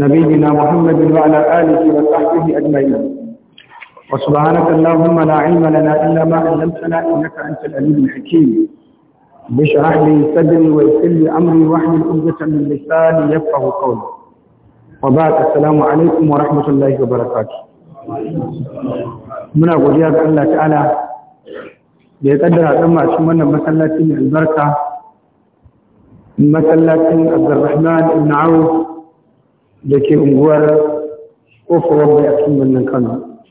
نبينا محمد وعلى آله وصحبه أجمعين وسبحانك اللهم لا علم لنا إلا ما علمتنا إنك أنت العليم الحكيم بشرح لي صدري ويسر لي أمري واحلل عقدة من لساني يفقه قولي وبعد السلام عليكم ورحمة الله وبركاته من أقول يا Allah ta'ala da ya kaddara dan ma cikin wannan masallaci mai albarka masallacin da ke unguwar kofar bai a cikin birnin kano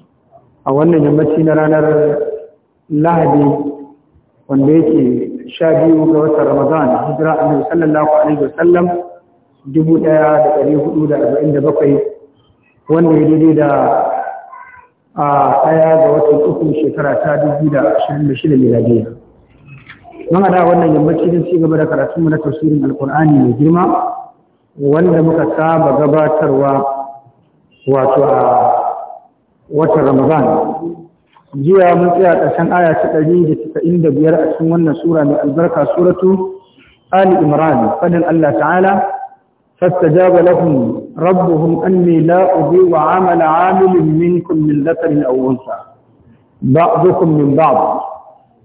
a wannan yammaci na ranar lahadi wanda yake sha biyu ga watan ramadan hijira a sallallahu alaihi wasallam dubu ɗaya da dari hudu da arba'in da bakwai wanda ya daidai da a daya ga watan uku shekara ta dubu da ashirin da shida miladiya mun haɗa wannan yammaci don ci gaba da karatunmu na tafsirin alkur'ani mai girma wanda muka saba gabatarwa wato a watan Ramadan jiya mun tsaya ƙarshen aya ta biyar a cikin wannan sura mai albarka suratu Ali Imran fadin Allah ta'ala fastajaba lahum rabbuhum anni la wa 'amala 'amilin minkum min dhakarin aw unsa ba'dukum min ba'd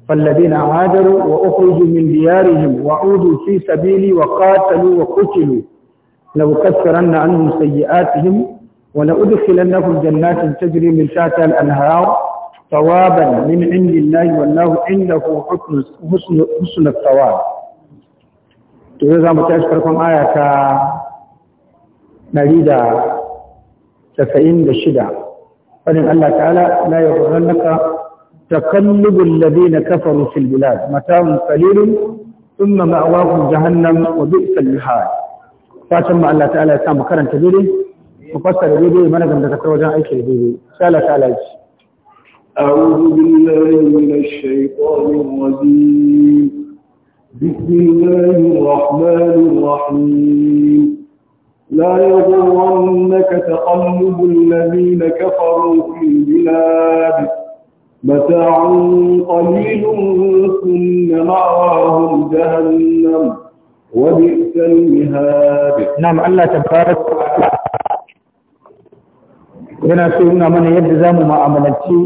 فالذين عادروا وأخرجوا من fi sabili wa سبيلي وقاتلوا وقتلوا لأكثرن عنهم سيئاتهم ولأدخلنهم جنات تجري من شاتها الأنهار ثوابا من عند الله والله عنده حسن, حسن الثواب تقول إذا متأشفركم آية مريدة تفعين للشدع فإن الله تعالى لا يغرنك تقلب الذين كفروا في البلاد متاع قليل ثم مأواهم جهنم وبئس المحال fatan mu Allah ta'ala ya sa mu karanta daidai mu fassara daidai mana ganda ta wajen aiki daidai sai Allah ta'ala ya أعوذ بالله من الشيطان الرجيم بسم الله الرحمن الرحيم لا يغرنك تقلب الذين كفروا في البلاد متاع قليل ثم معهم جهنم وبئس المهاد نعم الله تبارك yana so yana mana yadda za mu ma'amalanci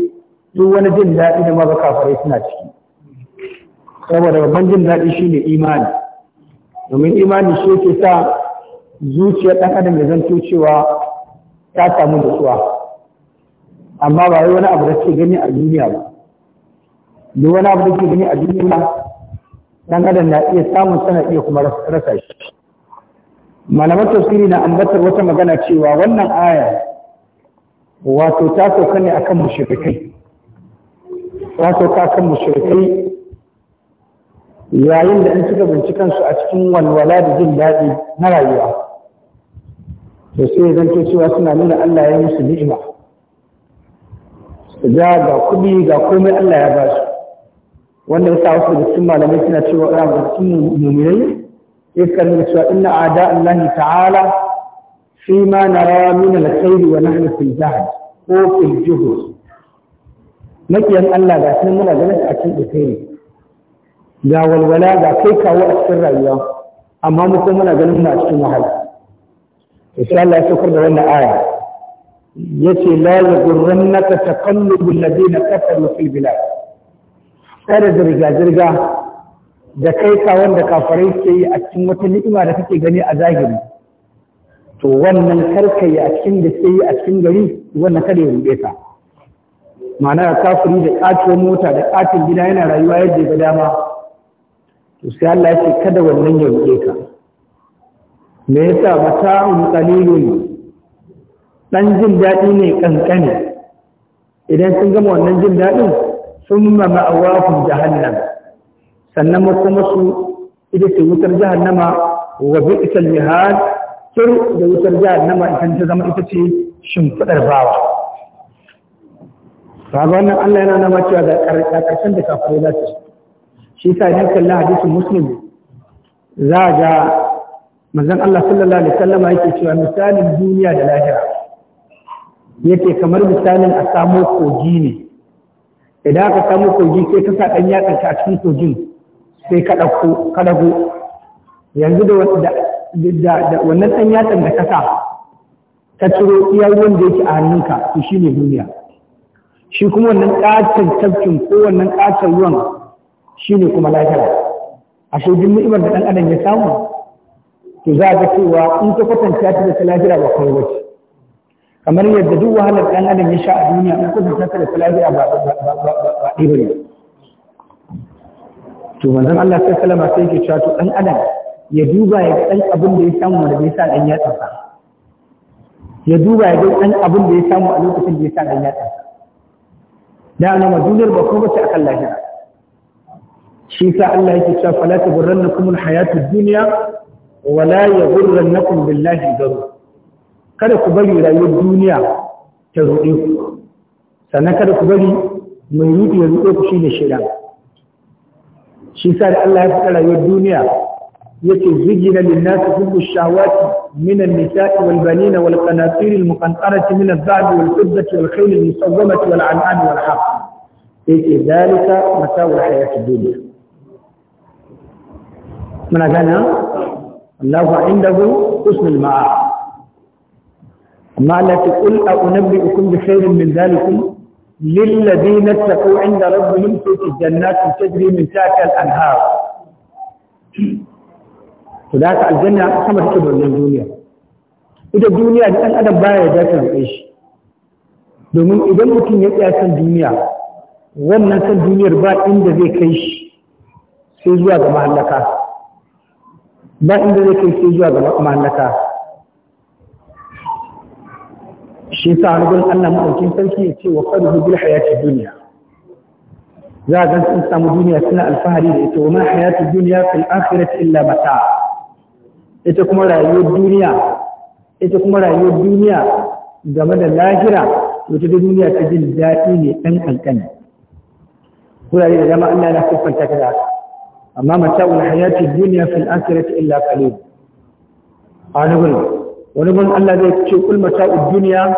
duk wani jin daɗi da maza kafare suna ciki saboda babban jin daɗi shi ne imani domin imani shi yake sa zuciyar ɗan adam ya zanto cewa ta samu nutsuwa amma ba wani abu da ke gani a duniya ba duk wani abu da ke gani a duniya dan adam na iya samun sana iya kuma rasa shi malaman tafsiri na ambatar wata magana cewa wannan aya wato ta sauka ne akan mushrikai ta sauka mushrikai yayin da in suka bincikansu su a cikin walwala da jin daɗi na rayuwa to sai zan to cewa suna nuna Allah ya musu ni'ima ga kuɗi ga komai Allah ya ba su wannan yasa wasu daga cikin malamai suna cewa ya ga cikin mu'minai yakan nuna cewa inna ada Allah ta'ala fi ma nara min al-khair wa nahnu fil jahd ko fil juhud makiyan Allah ga sun muna ganin a cikin alkhairi ga walwala ga kai kawo a cikin rayuwa amma mu kuma muna ganin muna cikin wahala insha Allah ya saukar da wannan aya yace la yughurrannaka taqallubul ladina kafaru fil bilad tsare zirga-zirga da kai kawon da kafarai ke yi a cikin wata ni'ima da kake gani a zahiri to wannan yi a cikin da ke yi a cikin gari wannan kada ya rube ka ma'ana kafuri da ƙatuwar mota da ƙatin gida yana rayuwa yadda ga dama to sai Allah ya ce kada wannan ya rube ka me yasa mata'un qalilun dan jin daɗi ne kankane idan sun gama wannan jin daɗin thumma ma'awahum jahannam sannan kuma su ita ce wutar jahannama wa bi'sal mihad tur da wutar jahannama idan ta zama ita ce shimfidar bawa kaga wannan Allah yana nama cewa da karkashin da kafirai za su shi ta idan kallon hadisin muslim za ga manzon Allah sallallahu alaihi wasallam yake cewa misalin duniya da lahira yake kamar misalin a samo kogi ne idan aka samu kogi sai ta sa ɗan yatsanka a cikin kogin sai ka ɗago yanzu da wannan ɗan yatsan da ka sa ciro iya ruwan da yake a hannunka to shi ne duniya shi kuma wannan ƙaton tafkin ko wannan ƙaton ruwan shi ne kuma lafiya a shaidin ni'imar da ɗan adam ya samu to za a ga cewa in ka kwatanta ta da ta lahira ba kawai wacce kamar yadda duk wahalar ɗan adam ya sha a duniya in kusa ta da salafiya ba ɗiba ne to manzon Allah sai salama sai yake cewa to ɗan adam ya duba ya ga ɗan abin da ya samu da bai sa ɗan yatsa ba ya duba ya ga ɗan abin da ya samu a lokacin da ya sa ɗan yatsa da ana ma duniyar ba ko ba ta akan lahira shi sa Allah yake cewa fala taburrannakum alhayatud dunya wala yaghurrannakum billahi gharur kada ku bari rayuwar duniya ta ruɗe ku sannan kada ku bari mai ruɗe ya ruɗe ku shi ne shida shi sa da Allah ya faɗa rayuwar duniya ya ce zujina lin-nas hubbu shawati min an-nisa'i wal-banin wal-qanatir al-muqantarati min adh-dhahabi wal-fiddati wal-khayl al-musawwamati wal-an'ami wal-harth yace zalika mata'u al-hayati duniya dunya muna gana Allahu indahu husnul ma'a amma Allah ta kul a unabbi'ukum bi khairin min zalikum lilladheena taqaw 'inda rabbihim fi jannatin tajri min tahtiha al-anhar to da ka aljanna sama take da wannan duniya ita duniya da adam baya da ta rufe domin idan mutum ya tsaya kan duniya wannan kan duniyar ba inda zai kai shi sai zuwa ga mahallaka ba inda zai kai sai zuwa ga shi sa wani gurin Allah maɗaukin sarki ya ce wa faru bil hayati duniya za a ga sun samu duniya suna alfahari da ita wa ma hayati duniya fil akhirati illa mata ita kuma rayuwar duniya ita kuma rayuwar duniya game da lahira wata da duniya ta jin daɗi ne ɗan ƙanƙani. kurare da dama Allah na siffanta ta da haka amma mata'ul hayati duniya fil akhirati illa qalil a wani gurin wani ban Allah zai ce kul mata'ud dunya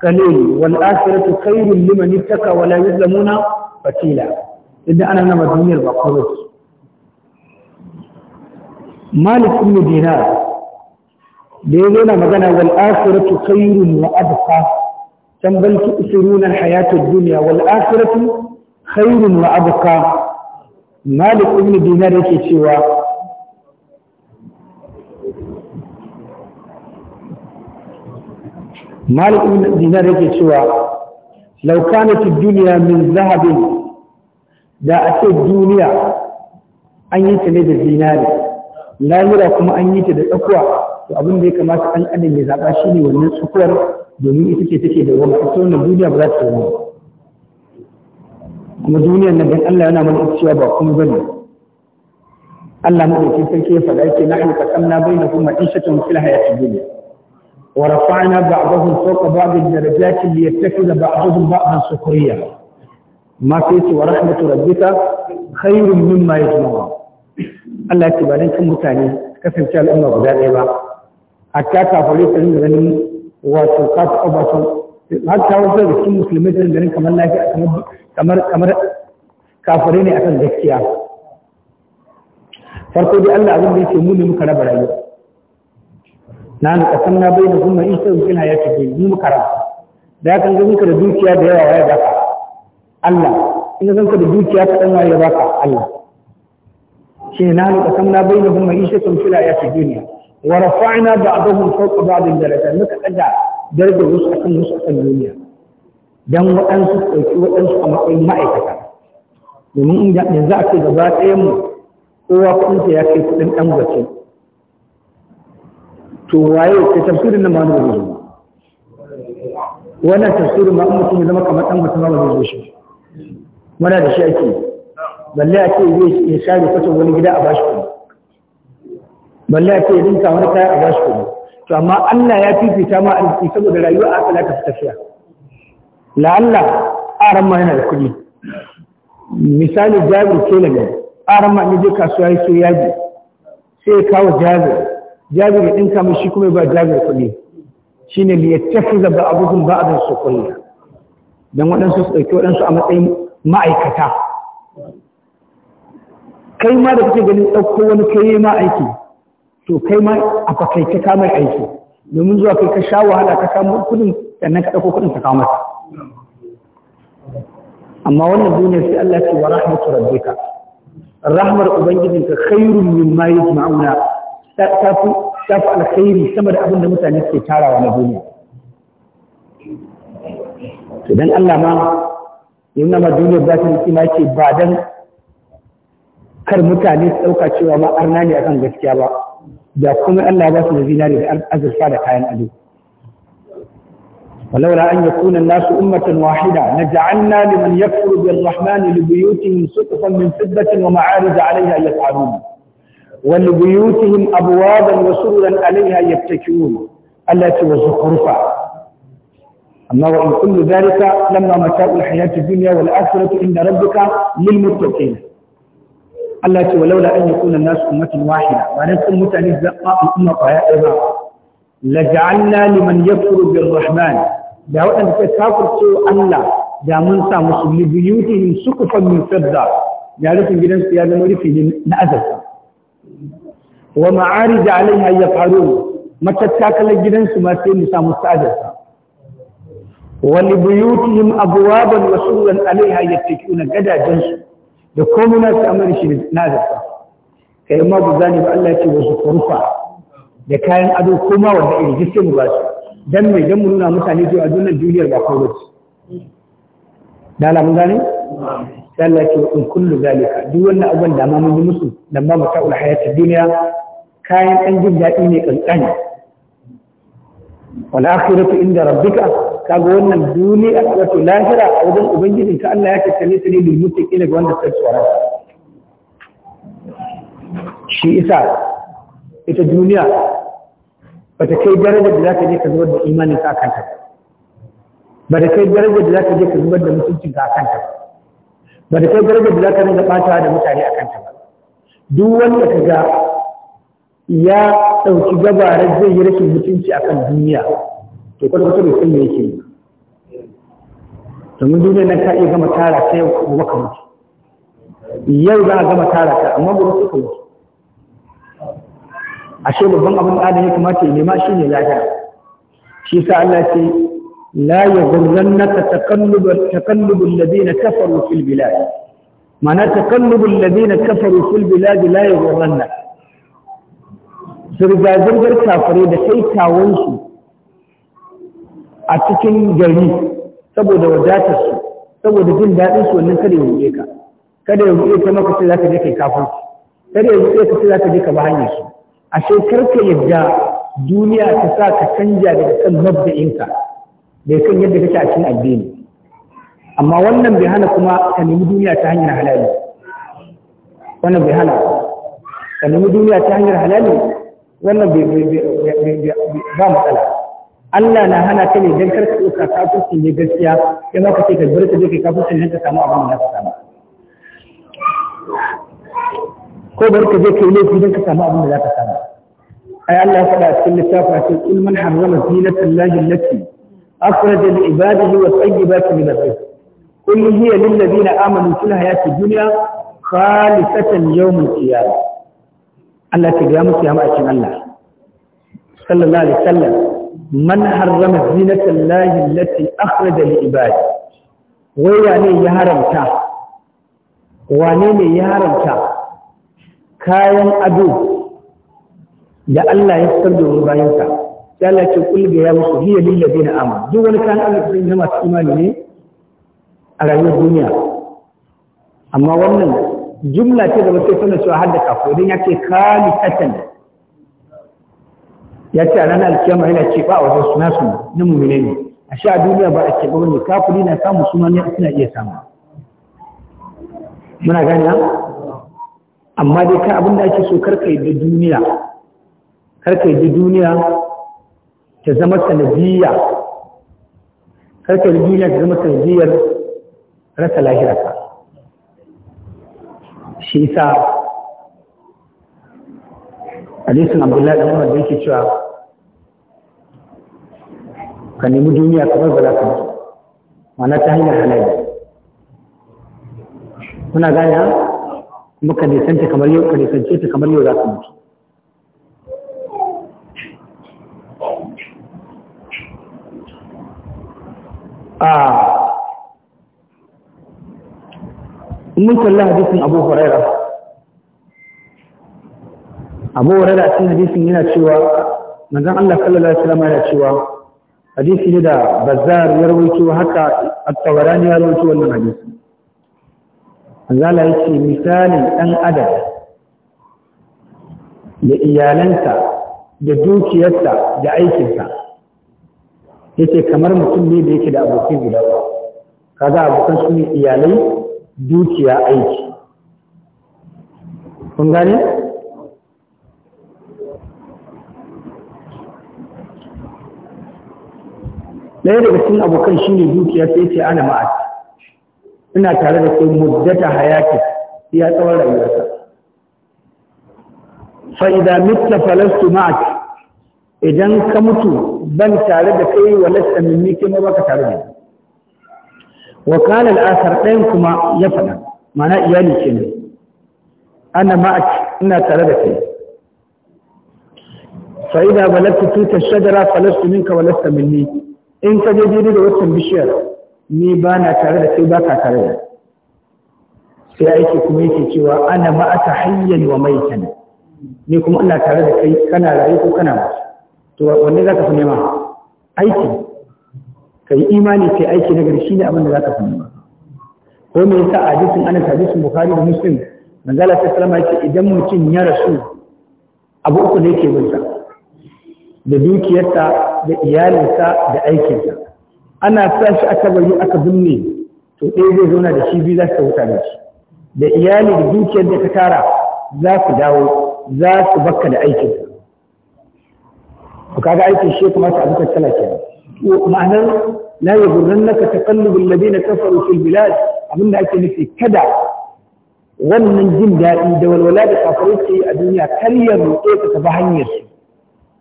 qalil wal akhiratu khairul liman ittaka wa la yuzlamuna fatila idan ana nama duniyar ba komai Malik ibn Dinar da ya zo magana wal akhiratu kairin wa abqa كم بل تؤثرون الحياة الدنيا والآخرة خير وأبقى مالك ابن دينار يكي cewa. malik ibn dinar yake cewa law kanat ad-dunya min zahabin da a ce duniya an yi ta ne da zinari lahira kuma an yi ta da tsakuwa to abin da ya kamata an adam ya zaɓa shine wannan tsakuwar domin ita ce take da wani ita wannan duniya ba za ta yi kuma duniyar nan dan Allah yana mana cewa ba kuma bane Allah madaukakin sarki ya faɗa yake na nahnu qasamna bainakum ma'ishatan fil hayatid dunya ورفعنا بعضهم فوق بعض الدرجات ليتخذ بعضهم بعضا سخريا ما فيت ورحمة ربك خير مما يجمعون Allah ya ce ba don kan mutane kasance al'umma guda ɗaya ba hatta kafare su rinda ganin wato kasu ƙabasu hatta wasu da cikin musulmai su rinda kamar lafiya kamar kafare ne akan gaskiya farko dai Allah abin da yake mu ne muka raba rayuwa na nu kasanna baina kuma isa da bil hayati bi mu karam da kan ga muka da dukiya da yawa ya baka Allah in zan ka da dukiya ta dan ya baka Allah shi na nu kasanna baina kuma isa bil hayati dunya wa rafa'na ba'dahum fawqa ba'din darajat muka daga darajar wasu akan wasu akan duniya dan waɗansu ɗauki waɗansu a matsayin ma'aikata domin in za a ce gaba ɗayan mu kowa kuɗinsa ya kai kuɗin ɗan gwace to waye ka tafsirin nan ba wani ba zai wannan tafsirin ba in mutum ya zama kamar ɗan mutum ba zai zo shi muna da shi ake balle a ce zai ya share kwata wani gida a bashi kuma balle a ce ya dinka wani kaya a bashi kuma to amma Allah ya fifita ma arziki saboda rayuwa a kala ta tafiya Allah aran ma yana da kuɗi misali jabir ke ne aran ma ne je kasuwa ya so yaji sai ya kawo jabir jabiri din kama shi kuma ba jabir kuɗi shine abubuwan ba a ba'dhan sukhriya Don waɗansu su ɗauki waɗansu a matsayin ma'aikata kai ma da kake ganin ɗauko wani kai ma aiki to kai ma a fakaice ka mai aiki domin zuwa kai ka sha wahala ka samu kuɗin sannan ka ɗauko kuɗin ka kawo mata amma wannan duniya sai Allah ce wa rahmatu rabbika rahmar ubangijinka khairun mimma yajma'una ta fi alkhairi sama da abin da mutane suke tarawa na duniya to dan Allah ma in nama duniya ba ta nufi ma ce ba dan kar mutane su ɗauka cewa ma arna ne akan gaskiya ba da kuma Allah ba su da zinari da azurfa da kayan ado ولولا أن يكون الناس أمة واحدة لجعلنا لمن يكفر بالرحمن لبيوتهم سقفا من فضة ومعارج عليها يفعلون ولبيوتهم أبوابا وسررا عليها يبتكئون التي وزخرفا أما وإن كل ذلك لما متاع الحياة الدنيا والآخرة عند ربك للمتقين التي ولولا أن يكون الناس أمة واحدة ولن أمة نزقاء يعني أمة طائبة لجعلنا لمن يكفر بالرحمن دعوة أن تكافر سوء الله da mun مسلم لبيوتهم سقفا من suqufan min في ya rufin gidansu ya wa ma'arij alaiha yaf'alun matattakalar gidansu ma sai mu samu sa'adarsa wani buyutihim abuwaban wasuwan alaiha ya teku na gadajensu da komuna su amur shi na zafa kai ma bu zani ba Allah ce wasu kurfa da kayan ado koma wanda iri gisse mu ba su dan mai dan nuna mutane zuwa duniyar duniyar ba kawai ce da alamun gane sai Allah ce in kullu zalika duk wannan abin da ma mun yi musu dan ba mata ul hayatid duniya kayan dan jin daɗi ne kankani wal akhiratu inda rabbika kaga wannan duniya wato lahira a wajen ubangijin ka Allah ya kalle ta ne lil muttaqin ga wanda suka tsara shi isa ita duniya bata kai darajar da za ka je ka zubar da imanin ka kanta ba da kai darajar da za ka je ka zubar da mutuncin ka kanta ba ba da kai darajar da za ka rinka ɓatawa da mutane a kanta ba duk wanda ka ga ya ɗauki gabarar zai yi rashin mutunci a kan duniya to kwata-kwata mai sanya yake yi domin duniya nan ka iya gama tara ta yau gobe ka mutu yau za a gama tara ta amma ba sai ka mutu ashe babban abin da ya kamata ya nema shi ne lahira shi sa Allah ce la yughurrannaka taqallubul taqallubul ladina kafaru fil bilad ma'ana taqallubul ladina kafaru fil bilad la yughurrannaka zirga-zirgar kafare da kaitawansu a cikin gari saboda wadatarsu saboda jin daɗin su kada ya ruɗe ka kada ya ruɗe ka maka sai zaka je kai kafin kada ya ruɗe ka sai zaka je ka ba hanyar su ashe yadda duniya ta sa ka canja daga kan mabda'inka bai kan yadda kake a cikin addini amma wannan bai hana kuma ka nemi duniya ta hanyar halali wannan bai hana ka nemi duniya ta hanyar halali wannan bai ba matsala Allah na hana ka ne don karka ka ɗauka kafirci ne gaskiya sai ma ka ce ka bar ka je kai kafirci ne ka samu abin da ka samu ko bar ka je kai laifi don ka samu abin da za ka samu ai Allah ya faɗa a cikin littafin a cikin ilmin harzama zinatin lahi lati أخرج لعباده والطيبات من الرزق كل هي للذين آمنوا في الحياة الدنيا خالصة يوم القيامة الله تقيام قيامة أشم الله صلى الله عليه وسلم من حرم زينة الله التي أخرج لعباده ويعني يهرمتها وانين يهرمتها كاين أدو da Allah ya fitar da bayansa sai Allah ce kul ga ya musu hiya lil ladina amanu duk wani kan Allah sun yi masu imani ne a rayuwar duniya amma wannan jumla ce da ba sai sanar cewa hadda kafo idan ya ce katan ya ce a ranar alkiyama yana ce ba wajen suna su na mummune ne a sha duniya ba a ce ba wani kafuri na samu suna ne suna iya samu muna gani amma dai kan abin da ake so karka yi da duniya karka yi da duniya ta zama sanadiyya karkar duniya ta zama sanadiyyar rasa lahiraka shi isa alisun abdullahi da umar da yake cewa ka nemi duniya kamar ba za ka mutu mana ta hanyar halayya kuna gaya kuma ka nisanta kamar yau ka nisance ta kamar yau za ka mutu a mun kalli hadisin abu huraira abu huraira cikin hadisin yana cewa manzon Allah sallallahu alaihi wasallam yana cewa hadisi ne da bazar ya rawaito haka at-tawarani ya rawaito wannan hadisi ya yake misalin dan adam da iyalanta, da dukiyarta, da aikinsa yace kamar mutum ne da yake da abokai guda uku kaga abokan su ne iyalai dukiya aiki kun gane ɗaya daga cikin abokan shi ne dukiya sai ce ana ma'a ina tare da kai muddata hayati ya tsawon rayuwarsa fa idan mitta falastu ma'ak idan ka mutu ban tare da kai wa lasta minni kai ma baka tare da wa kana al-akhar ɗayan kuma ya faɗa mana iyali kenan ana ma ina tare da kai fa ba balagtu tuta shajara falastu minka wa lasta minni in ka je daidai da wannan bishiyar ni ba na tare da kai baka tare da sai aiki kuma yake cewa ana ma ta hayyan wa maitan ni kuma ina tare da kai kana rayu ko kana mutu to wanne za ka fi nema aiki ka yi imani kai aiki na gari shine abin da za ka fi nema ko me yasa a hadisin ana hadisin bukhari da muslim manzala ta sallama yake idan mutum ya rasu abu uku ne ke bin da dukiyarsa da iyalinsa da aikinsa ana sa shi aka bari aka binne to ɗaya zai zauna da shi biyu za su wuta da shi da iyali da dukiyar da ta tara za su dawo za su bakka da aikinsa ku ga aikin shi kuma ta abuka kenan ma'anar la yaghrannaka taqallubul ladina kafaru fil bilad abinda ake nufi kada wannan jin daɗi da walwala da kafirai yi a duniya kar ya roƙe ka tafi hanyar su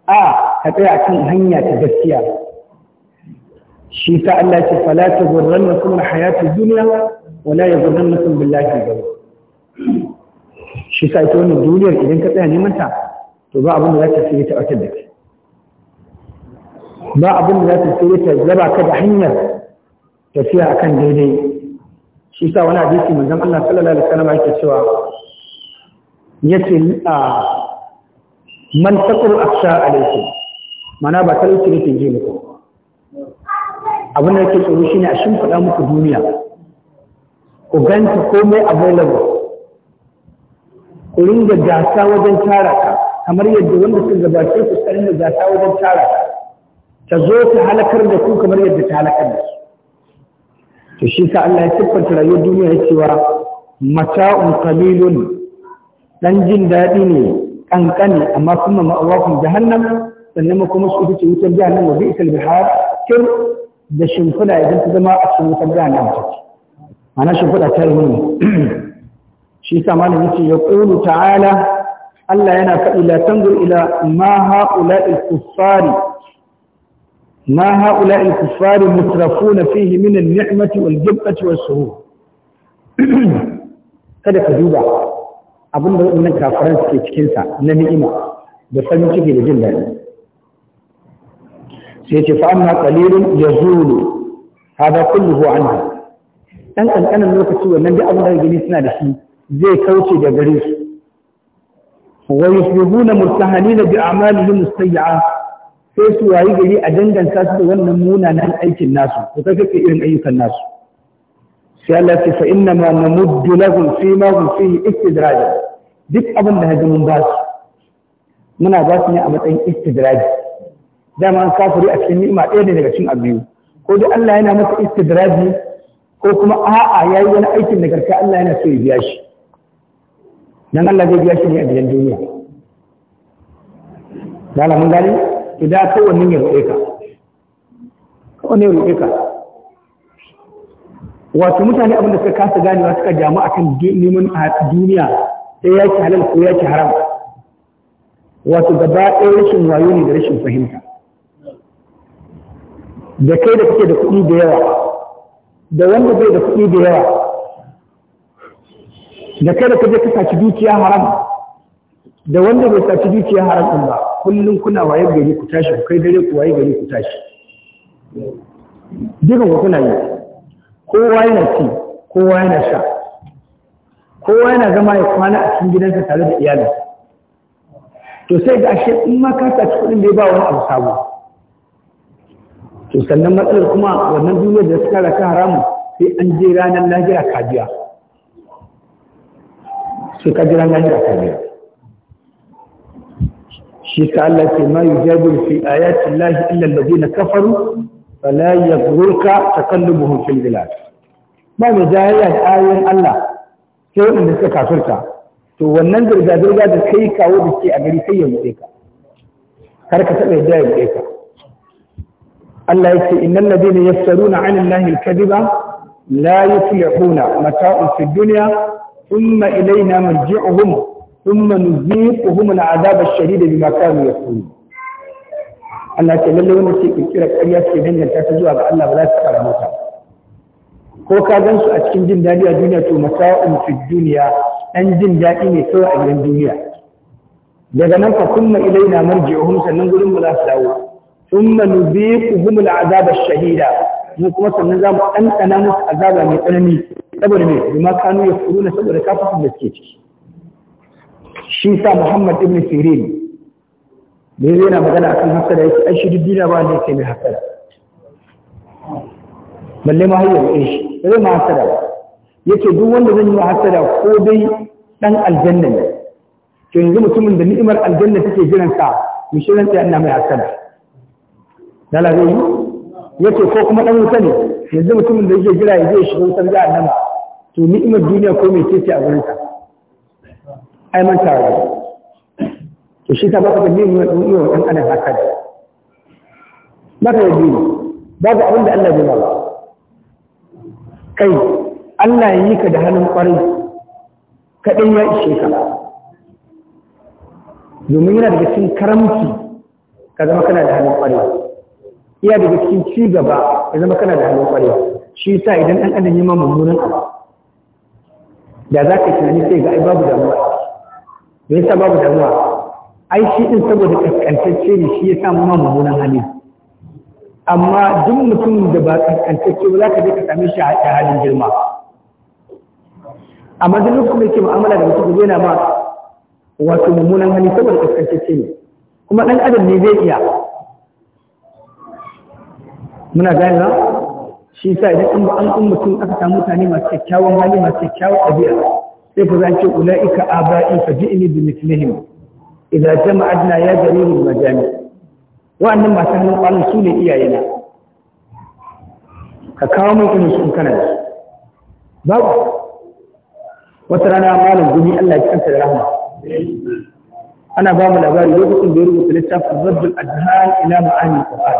a ka tsaya kan hanya ta gaskiya shi ta Allah ce fala ta gurran na wala ya ita duniyar idan ka tsaya neman to ba abin da za ta da ba abin da za ta sai ta zaba ka da hanyar tafiya akan daidai shi sa wani hadisi manzon Allah sallallahu alaihi wasallam yake cewa yace a man a aksha alaykum mana ba ta ne ke muku abin da yake tsoro shine a shimfiɗa muku duniya ku ganta komai available ku ringa gasa wajen tara ka kamar yadda wanda suka gabace ku tsarin da gasa wajen tara ka ta zo ta halakar da ku kamar yadda ta halakar da su to shi sa Allah ya siffanta rayuwar duniya ya cewa mata'un qalilun dan jin daɗi ne kankani amma kuma ma'awakun jahannam sannan kuma su ita ce wutar jahannam wa bi'sal bihar kir da shimfiɗa idan ta zama a cikin wutar jahannam ta ce mana shimfiɗa ta yi ne shi sa malam ce ya qulu ta'ala Allah yana faɗi la tanzur ila ma ha'ula'il kuffari ما هؤلاء الكفار مترفون فيه من النعمة والجبة والسرور kada ka duba abin da waɗannan kafiran suke cikinsa na ni'ima da farin ciki da jin daɗi sai ce fa amma qalilun yazulu hada kulluhu anhu dan kankanin lokaci wannan duk abin da gani suna da shi zai kauce da gare su wa yusbihuna murtahanina bi a'malihim as-sayyi'ah sai su wayi gari a danganta su da wannan munanan aikin nasu ko ta kake irin ayyukan nasu sai Allah ce fa inna ma namuddu lahum fi ma hum fihi istidraj duk abin da hajjin mun ba su muna ba su ne a matsayin istidraj dama an kafiri a cikin ni'ima ɗaya ne daga cikin abiyu ko dai Allah yana masa istidraj ko kuma a'a yayi wani aikin da garka Allah yana so ya biya shi dan Allah zai biya shi ne a gidan duniya Dala mun gani? idan kowanne ya roƙe ka kowanne ya roƙe ka wato mutane abinda suka kasa ganewa suka jamu akan neman a duniya sai ya ki halal ko ya ki haram wato gaba ɗaya rashin wayo ne da rashin fahimta da kai da kake da kuɗi da yawa da wanda bai da kuɗi da yawa da kai da kaje ka saci dukiya haram da wanda bai saci dukiya haram ɗin ba kullum kuna waye gari ku tashi ku kai dare ku waye gari ku tashi dukan ku kuna yi kowa yana ci kowa yana sha kowa yana zama ya kwana a cikin gidansa tare da iyalin. to sai ga ashe in ma ka saci kuɗin da ya ba wani abu sabo to sannan matsalar kuma wannan duniyar da suka raka haramun sai an je ranar lahira kajiya sai ka ji ranar lahira kajiya shi ta Allah ce ma yujabiru fi ayati Allah illa alladhina kafaru fala yaghurka taqallubuhum fil bilad ba da jayayya da Allah sai wanda suka kafirta to wannan zirga zirga da kai kawo da ke a gari sai ya mutse ka kar ka taba yadda ya mutse ka Allah yake innal ladina yaftaruna 'ala Allah al mata la yuflihuna mata'un fid dunya thumma ilayna marji'uhum thumma nuziquhum al'adab ash-shadid bima kanu Allah ce lalle wanda ke kirkira ƙarya ke danganta ta zuwa ga Allah ba za su fara mota ko ka gan su a cikin jin daɗi a duniya to masa'un fi duniya ɗan jin daɗi ne kawai a gidan duniya daga nan fa kuma ilaina marji'uhum sannan gurin mu za su dawo thumma nuziquhum al'adab ash-shadida mu kuma sannan za mu ɗanɗana musu azaba mai tsanani saboda me bima kanu saboda kafafin da suke ciki shi sa Muhammad ibn Sirin ne yana magana akan hasada yake ai shi duniya ba ne sai mai hasada balle ma hayyar ɗin eh, shi zai ma hasada ba yake duk wanda zan yi ma hasada ko dai dan aljanna ne to yanzu mutumin da ni'imar aljanna take jiran sa mu shirin sai ina mai hasada dala zai yi yake ko kuma dan wuta ne yanzu mutumin da yake jira ya je shiga wutar jahannama to ni'imar duniya ko mai ce ce a gurin sa ai manta wa to shi ta baka da biyu ne wa ɗan adam haka da baka da biyu babu abin da Allah bai ba kai Allah ya yi ka da hannun ƙwarai kaɗan ya ishe ka domin yana daga cikin karamci ka zama kana da hannun ƙwarai iya daga cikin ci gaba ya zama kana da hannun ƙwarai shi sa idan ɗan adam yi ma mummunan abu da za ka tunani sai ga ai babu damuwa me yasa babu damuwa ai shi din saboda kaskantacce ne shi ya samu ma mummunan hali amma duk mutum da ba kaskantacce ba za ka je ka same shi a halin girma amma duk lokacin da yake mu'amala da mutum yana ma wato mummunan hali saboda kaskantacce ne kuma dan adam ne zai iya muna gane ba shi yasa idan an mutum aka samu mutane masu kyakkyawan hali masu kyakkyawan ɗabi'a sai ka zance ula'ika aba'i fa ji'ni bi mithlihim idza jama'atna ya jarirul majami wa annam ma kwallon su ne iyayena ka kawo mu kuma sun kana ba babu wata rana malam gumi Allah ya kanta da rahama ana ba mu labari lokacin da ya rubuta littafin rabbul adhan ila ma'ani qur'an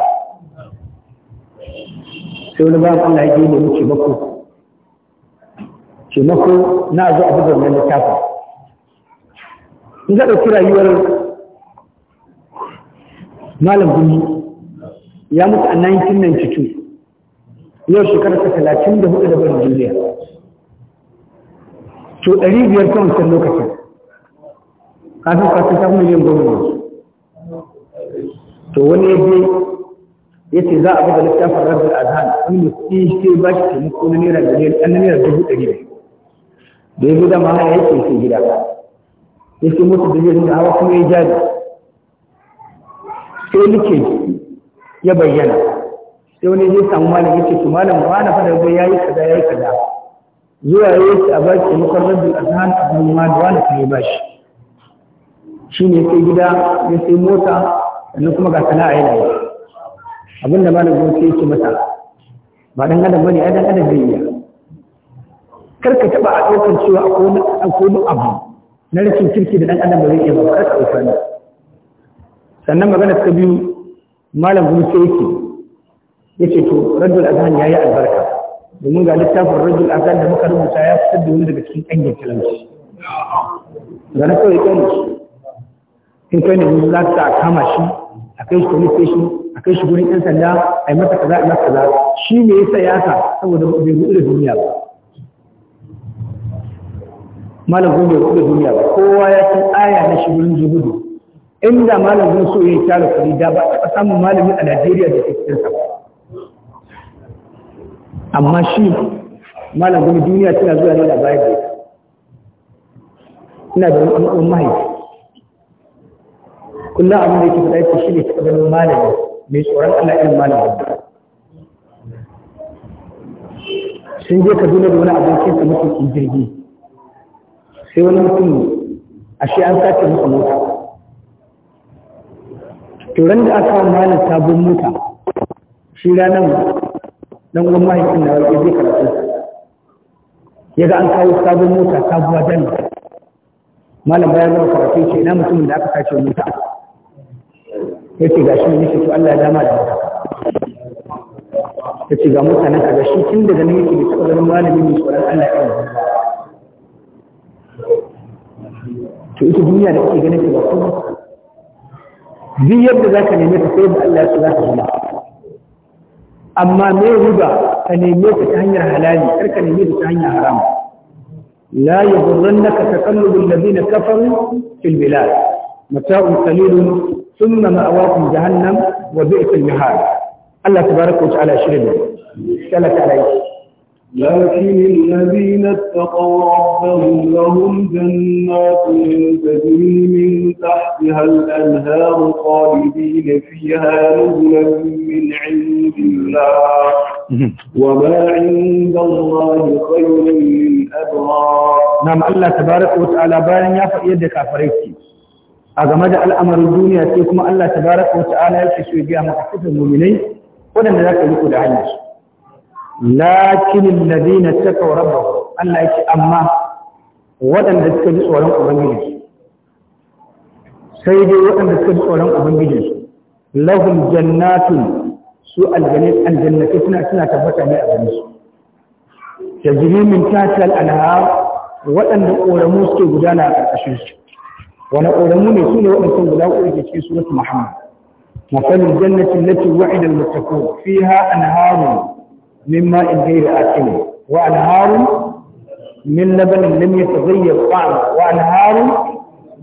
sai wani babu Allah ya mu muke bako ce mako na zo a da mai littafi in ga ɗauki rayuwar malam gumi ya mutu a 1992 yau shekara ta 34 da hudu da duniya to ɗari biyar ta wancan lokacin kafin kafin ta miliyan goma ne to wani ya je ya ce za a buga littafin rabin azhan wani mutum shi ke ba shi taimako na naira miliyan ɗan naira dubu ɗari bai ya gida mana ya ce ke gida ya ce mutu da zai da hawa kuma ya jari sai nike ya bayyana sai wani zai samu malam ya ce su malam ma na fada bai ya yi kaza ya yi kaza zuwa ya yi a ba shi makon rabbi a zahan abin ma da wani kuma yi ba shi shi ne sai gida ya sai mota sannan kuma ga sana'a yana yi abinda malam ya ce mata ba dan adam bane ai dan adam zai yi kar ka taba a ɗaukar cewa akwai abu na rashin kirki da ɗan adam ba zai iya ba kar ka ɗauka ne sannan magana ta biyu malam sai yake ya ce to rajul azan ya yi albarka domin ga littafin rajul azan da muka rubuta ya fitar da wani daga cikin ƙangin talauci ga na kawai kan in kai ne za ta kama shi a kai shi police station a kai shi gurin 'yan sanda a yi masa kaza a masa kaza shi ne ya sa ya sa saboda bai rudu da duniya ba malam gun bai kuɗe duniya ba kowa ya san aya na shirin zuhudu inda malam gun so ya tara kuɗi da ba a samun malami a najeriya da cikin sa amma shi malam gun duniya tana zuwa ne da bayan da ina da wani mahaifi kullum abin da yake faɗa yake shi ne ta ganin malami mai tsoron allah irin malamin da sun je kaduna da wani abokin sa mutum jirgi sai wani mutum shi an sace musu mota turan da aka malam sabon mota shi ranar dan uwan mahaifin na wajen zai karatu ya ga an kawo sabon mota sabuwa dan malam bayan zama karatu ce na mutumin da aka sace mota ya ce ga shi ne shi to Allah ya dama da mota ya ce ga mota na kaga shi tun daga nan yake bai taɓa malamin malami mai tsoron Allah ya yi to ita duniya da kuke ganin ta ba kuma duk yadda za ka neme ka sai da Allah ya za ka zama amma me riba ka neme ka ta hanyar halali kar ka neme ta ta hanyar haram la yaghrannaka taqallubul ladina kafaru fil bilad mata'un qalilun thumma ma'awahum jahannam wa bi'sal mihad Allah tabaaraka wa ta'ala shirin Allah ta'ala لكن الذين اتقوا ربهم لهم جنات تجري من تحتها الأنهار خالدين فيها نزلا من عند الله وما عند الله خير من أبرار نعم الله تبارك وتعالى بارن يفعل يدك أفريكي أغمد الأمر الدنيا تيكم الله تبارك وتعالى يكشو بها مكتب المؤمنين ولن ذاك يقول عنه lakinin ta takaw rabbahu Allah ya ce amma waɗanda suka ji tsoron ubangiji sai dai waɗanda suka ji tsoron ubangiji lahum Jannatin, su aljanat aljannati suna suna tabbata ne a gare su tajri min tahtiha al waɗanda ƙoramu suke gudana a ƙarƙashin su wani ƙoramu ne su ne waɗanda guda uku da ke suratul muhammad مثل الجنة التي وعد المتقون فيها أنهار min ma'in gairi asin wa anharu min labanin lam yataghayyar ta'am wa anharu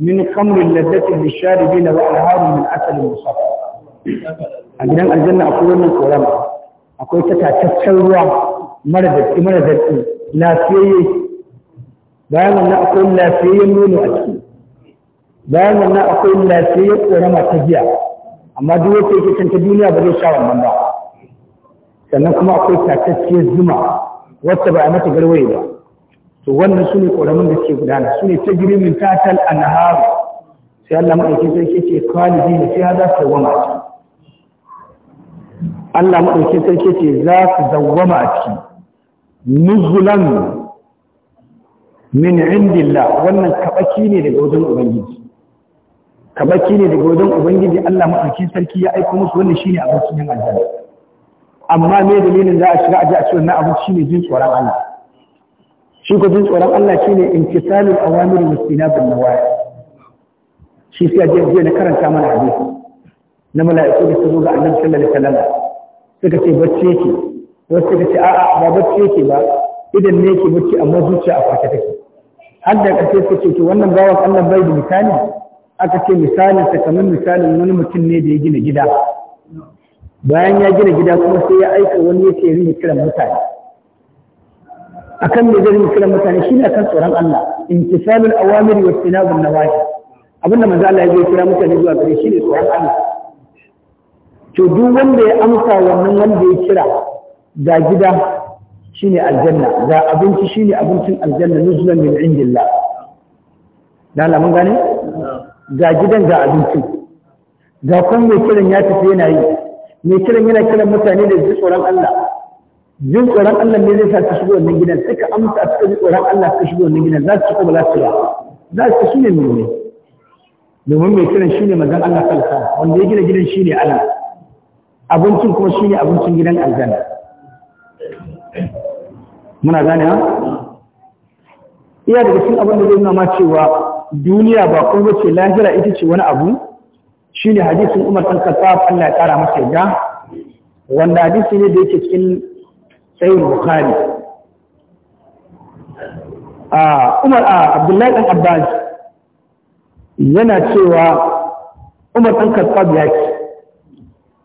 min khamrin laddatin lisharibin wa anharu min asalin musaffa a gidan aljanna akwai wannan koran akwai ta tataccen ruwa mara datti mara datti lafiyayye bayan wannan nono a ciki bayan wannan akwai lafiyayyen korama ta giya amma duk wata yake ta duniya ba zai sha wannan ba sannan kuma akwai tatacciyar zuma wacce ba a mata garwaye ba to wannan su ne ƙoramin da ke gudana su ne ta girimin tatal a naharu sai Allah maɗauki sarki ce kwalibi ne sai za su dawwama a ciki Allah maɗauki sarki ce za su zawwama a ciki nuzulan min indillah wannan kabaki ne daga wajen ubangiji kabaki ne daga wajen ubangiji Allah maɗauki sarki ya aiko musu wannan shine abin cikin aljanna amma me dalilin za a shiga aji a cikin na abu shine jin tsoron Allah shi ko jin tsoron Allah shi ne in shine imtisalul awamir wa istinabun nawahi shi sai je jiya na karanta mana hadisi na mala'iku da su ga annabi sallallahu alaihi wasallam suka ce bacci yake wasu suka ce a'a ba bacci yake ba idan ne yake bacci amma zuciya a fata take har da kace suka ce to wannan bawan Allah bai da misali aka ce misalin sa kamar misalin wani mutum ne da ya gina gida bayan ya gina gida kuma sai ya aika wani yake yi rini kiran mutane akan me zai rini kiran mutane shine akan tsoron Allah intisalul awamir wa tinabun nawahi abinda manzo Allah ya kira mutane zuwa gare ne tsoron Allah to duk wanda ya amsa wannan wanda ya kira ga gida shine aljanna ga abinci shine abincin aljanna nuzulan min indillah da Allah mun gane ga gidan ga abincin ga kuma mai kiran ya tafi yana yi mai kiran yana kiran mutane da ji tsoron Allah jin tsoron Allah ne zai sa su shigo wannan gidan suka amsa suka ji tsoron Allah suka shigo wannan gidan za su kuma za su ba za su shi ne mai domin mai kiran shine manzon Allah sallallahu wanda ya gina gidan shine Allah abincin kuma shine abincin gidan aljanna muna gane ha iya daga cikin abin da zai nuna ma cewa duniya ba kuma ce lahira ita ce wani abu ne hadisun Umar ɗan Khattab Allah ya ƙara masa yadda wanda hadisun ne da yake cikin tsayin bukari a Umar a Abdullahi ɗan Abbas yana cewa Umar ɗan Khattab ya ce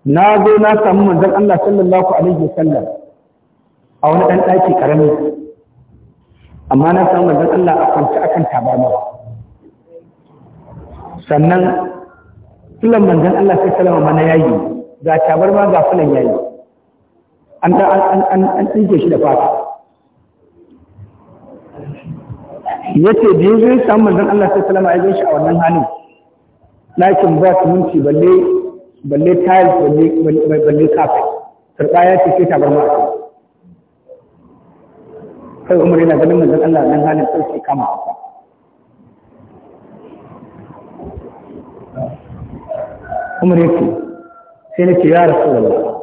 na zo na samu manzan Allah sallallahu alaihi wasallam a wani ɗan ɗaki ƙarami amma na samu manzan Allah a kwanci akan tabarma sannan filan manzan Allah sai salama mana ya yi ga tabar ma ga fulan ya yi an an tsinke shi da fata ya ce da yazo zai samun manzan Allah sai salama ya shi a wannan halin lakin ba su minti balle balle tayar balle balle kafa turba ya ce sai tabar ma kai umar yana ganin manzan Allah nan hannun sai kama umar yake sai nake ya rasu rasulullah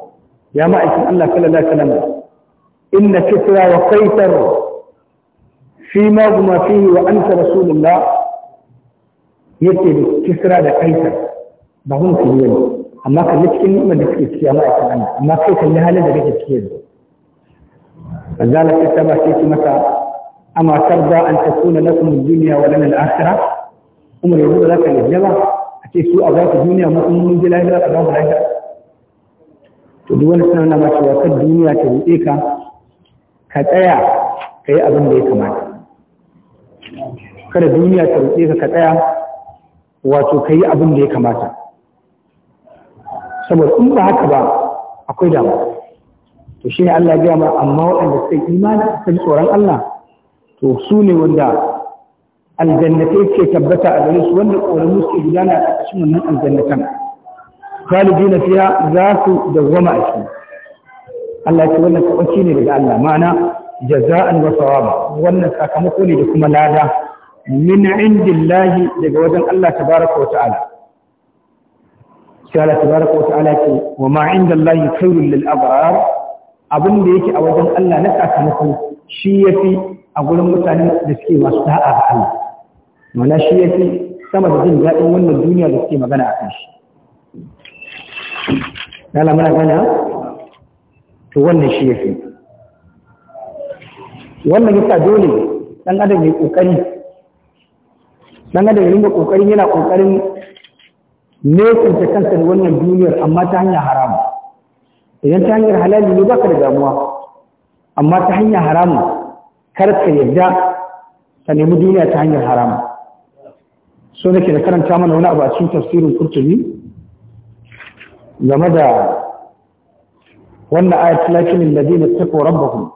ya ma'aikin Allah sallallahu alaihi wasallam inna kisra wa qaisar fi ma guma fihi wa anta rasulullah yake da kisra da qaisar ba hun ku ne amma yi cikin ni'imar da suke ciki a ma'aikin Allah amma kai kalli halin da kake ciki yanzu an كتب في متى أما ترضى أن تكون لكم الدنيا ولنا الآخرة أمر يقول لك الإجابة ce su a za su duniya mutum mun ji lafiya a babu lafiya to duk wani suna nama cewa kan duniya ta ruɗe ka ka tsaya ka yi abin da ya kamata kada duniya ta ruɗe ka ka tsaya wato ka yi abin da ya kamata saboda in ba haka ba akwai damuwa to shi ne Allah ya gaya ma amma waɗanda suka imani suka ji tsoron Allah to su ne wanda aljannatai ke tabbata a gare su wanda ƙoramu suke gudana a cikin wannan aljannatan na fiya za su dawwama a ciki Allah ce wannan tabbaci ne daga Allah ma'ana jaza'an wa sawaba wannan sakamako ne da kuma lada min indillahi daga wajen Allah tabaraka wa ta'ala sai Allah tabaraka wa ta'ala ce wa ma indallahi khairul lil abrar abin da yake a wajen Allah na sakamako shi yafi a gurin mutanen da suke masu da'a ga Allah mana shi yake sama da jin daɗin wannan duniya da suke magana a kanshi shi dala gana to wannan shi yake wannan yasa dole ɗan adam mai ƙoƙari, ɗan adam ya ringa kokarin yana ƙoƙarin nesanta kansa da wannan duniyar amma ta hanyar haramu idan ta hanyar halali ne baka da damuwa amma ta hanyar haramu kar ka yadda ka nemi duniya ta hanyar haramu so nake da karanta mana wani abu a cikin tafsirin kurtubi game da wannan ayat lakinin ladina taqaw rabbahum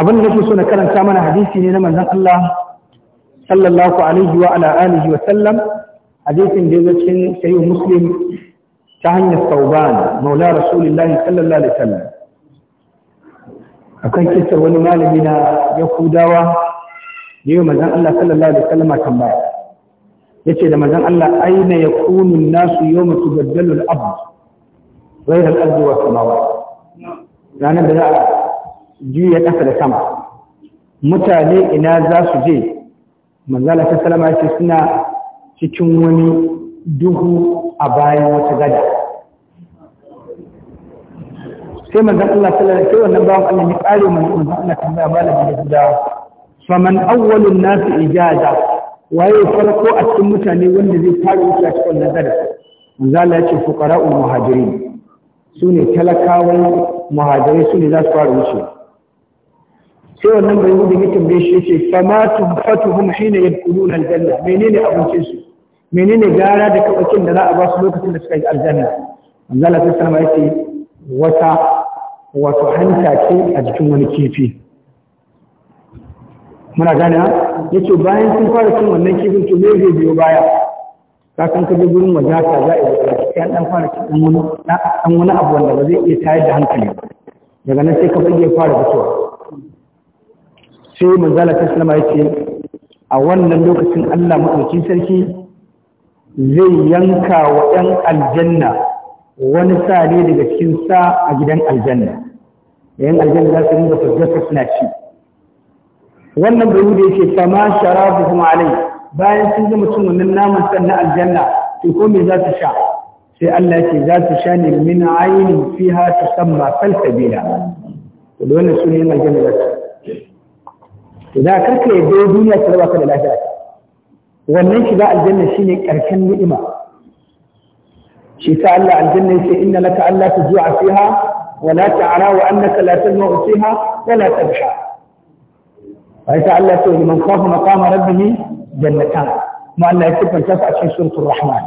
abin da nake so na karanta mana hadisi ne na manzon Allah sallallahu alaihi wa ala alihi wa sallam hadisin da yake cikin sahih muslim ta hanyar sauban maula rasulullahi sallallahu alaihi wa sallam akan kisa wani malami na yahudawa Yau manzon Allah sallallahu alaihi wa sallam tambaya yace da manzon Allah aina yakunu an-nasu yawma tubaddalu al-ard ghayra al-ard wa samawat ranar da za a juya kasa da sama mutane ina za su je manzala ta salama ce suna cikin wani duhu a bayan wata gada sai manzan Allah sallallahu alaihi wannan bawan Allah ya kare manzan Allah tambaya malamin fa man awwalun nasu ijaza waye farko a cikin mutane wanda zai fara wuce a cikin nazara manzan Allah ya ce fuqara'ul muhajirin sune talakawai muhajirai sune za su fara wucewa sai wannan bai wuce ya tambaye shi yace fama tumfatuhum hina yadkhuluna aljanna menene abincin su menene gara da kabakin da za a ba su lokacin da suka yi aljanna Allah ta sallama yace wata wato hanta ce a jikin wani kifi muna gane yace bayan sun fara cin wannan kifin to me zai biyo baya ka san ka je gurin wadata za a yi ya an dan fara cin wani dan wani abu wanda ba zai iya tayar da hankali daga nan sai ka fage fara fitowa sai manzala ta sallama ya ce a wannan lokacin Allah maɗaukin sarki zai yanka wa ɗan aljanna wani sa ne daga cikin sa a gidan aljanna Yan aljanna za su ringa fasgasa suna ci wannan bai da yake sama sharabu kuma alai bayan sun zama cin wannan naman san na aljanna to ko me za su sha sai Allah ce za su sha ne min ainin fiha tusamma salsabila to wannan sunan aljanna za su to da karka yadda ya duniya ta raba ka da lafiya wannan shiga aljanna shine karshen ni'ima shi sa Allah aljanna yace inna laka alla tujua fiha wa la ta'ara wa annaka la tadma'u fiha wa la tabha ai ta Allah ce liman khafa maqama rabbih jannatan kuma Allah ya sifanta su a cikin suratul rahman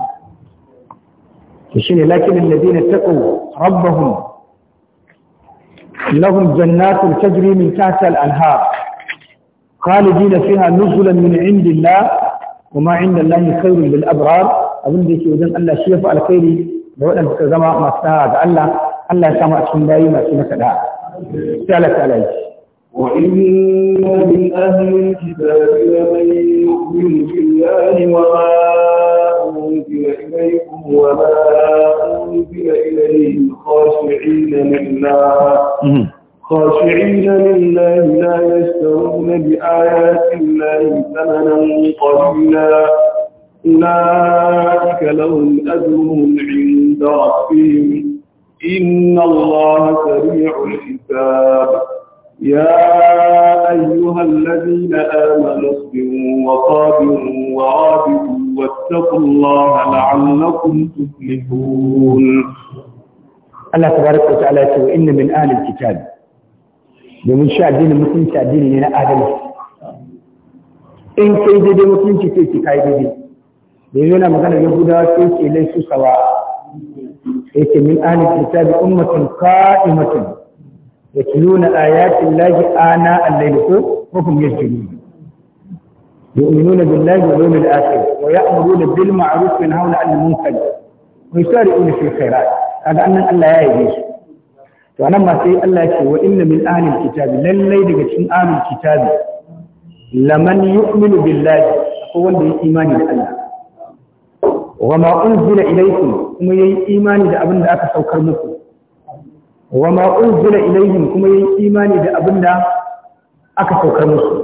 to shine lakin alladhina taqaw rabbahum lahum jannatun tajri min tahtiha al-anhar خالدين فيها نزلا من عند الله وما عند الله خير بالأبرار أظن ذلك يوجد أن الله شيف على خيري بولا بكزماء ما استهاد ألا ألا سمع شن دائما في مكدها سألت عليك وَإِنَّ مِنْ أَهْلِ الْكِتَابِ لَمَنْ يُؤْمِنُ بِاللَّهِ وَمَا أُنْزِلَ إِلَيْكُمْ وَمَا أُنْزِلَ إِلَيْهِمْ خَاشِعِينَ لِلَّهِ خاشعين لله لا يشترون بآيات الله ثمنا قليلا أولئك لهم أجرهم عند ربهم إن الله سريع الحساب يا أيها الذين آمنوا اصبروا وصابروا وعابدوا واتقوا الله لعلكم تفلحون الله تبارك وتعالى إن من آل الكتاب domin sha addinin mutunci addini ne na adalci in kai daidai mutunci sai ki kai daidai da yana magana yahudawa sai ke laisu sawa yake min ahli kitabi ummatun qa'imatun yatluna ayati llahi ana al-layli ko hum yasjudun يؤمنون بالله واليوم الآخر ويأمرون بالمعروف ina shi المنكر ويسارعون في annan Allah ya yi يعيش to anan ma sai Allah ce wa inna min ahlil kitabi lallai daga cikin ahlil kitabi laman yu'minu billahi ko wanda ya imani da Allah wa ma unzila ilaykum kuma yayi imani da abin da aka saukar muku wa ma unzila ilayhim kuma yayi imani da abin da aka saukar musu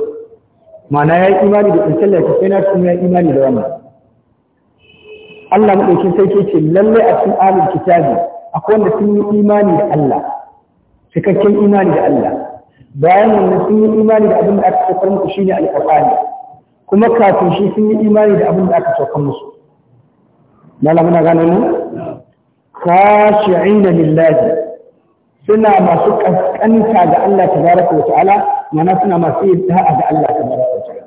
ma'ana yayi imani da kuncin lafiya sai na cikin yayi imani da wannan Allah madaukin sai ke ce lallai a cikin ahlil kitabi akwai wanda sun yi imani da Allah cikakken imani da Allah bayan wannan sun yi imani da abin da aka saukar musu shine alqur'ani kuma kafin shi sun yi imani da abin da aka saukar musu malamu na gane mu khashi'ina lillahi suna masu kaskanta ga Allah tabaraka wa ta'ala mana suna masu yi da'a ga Allah tabaraka wa ta'ala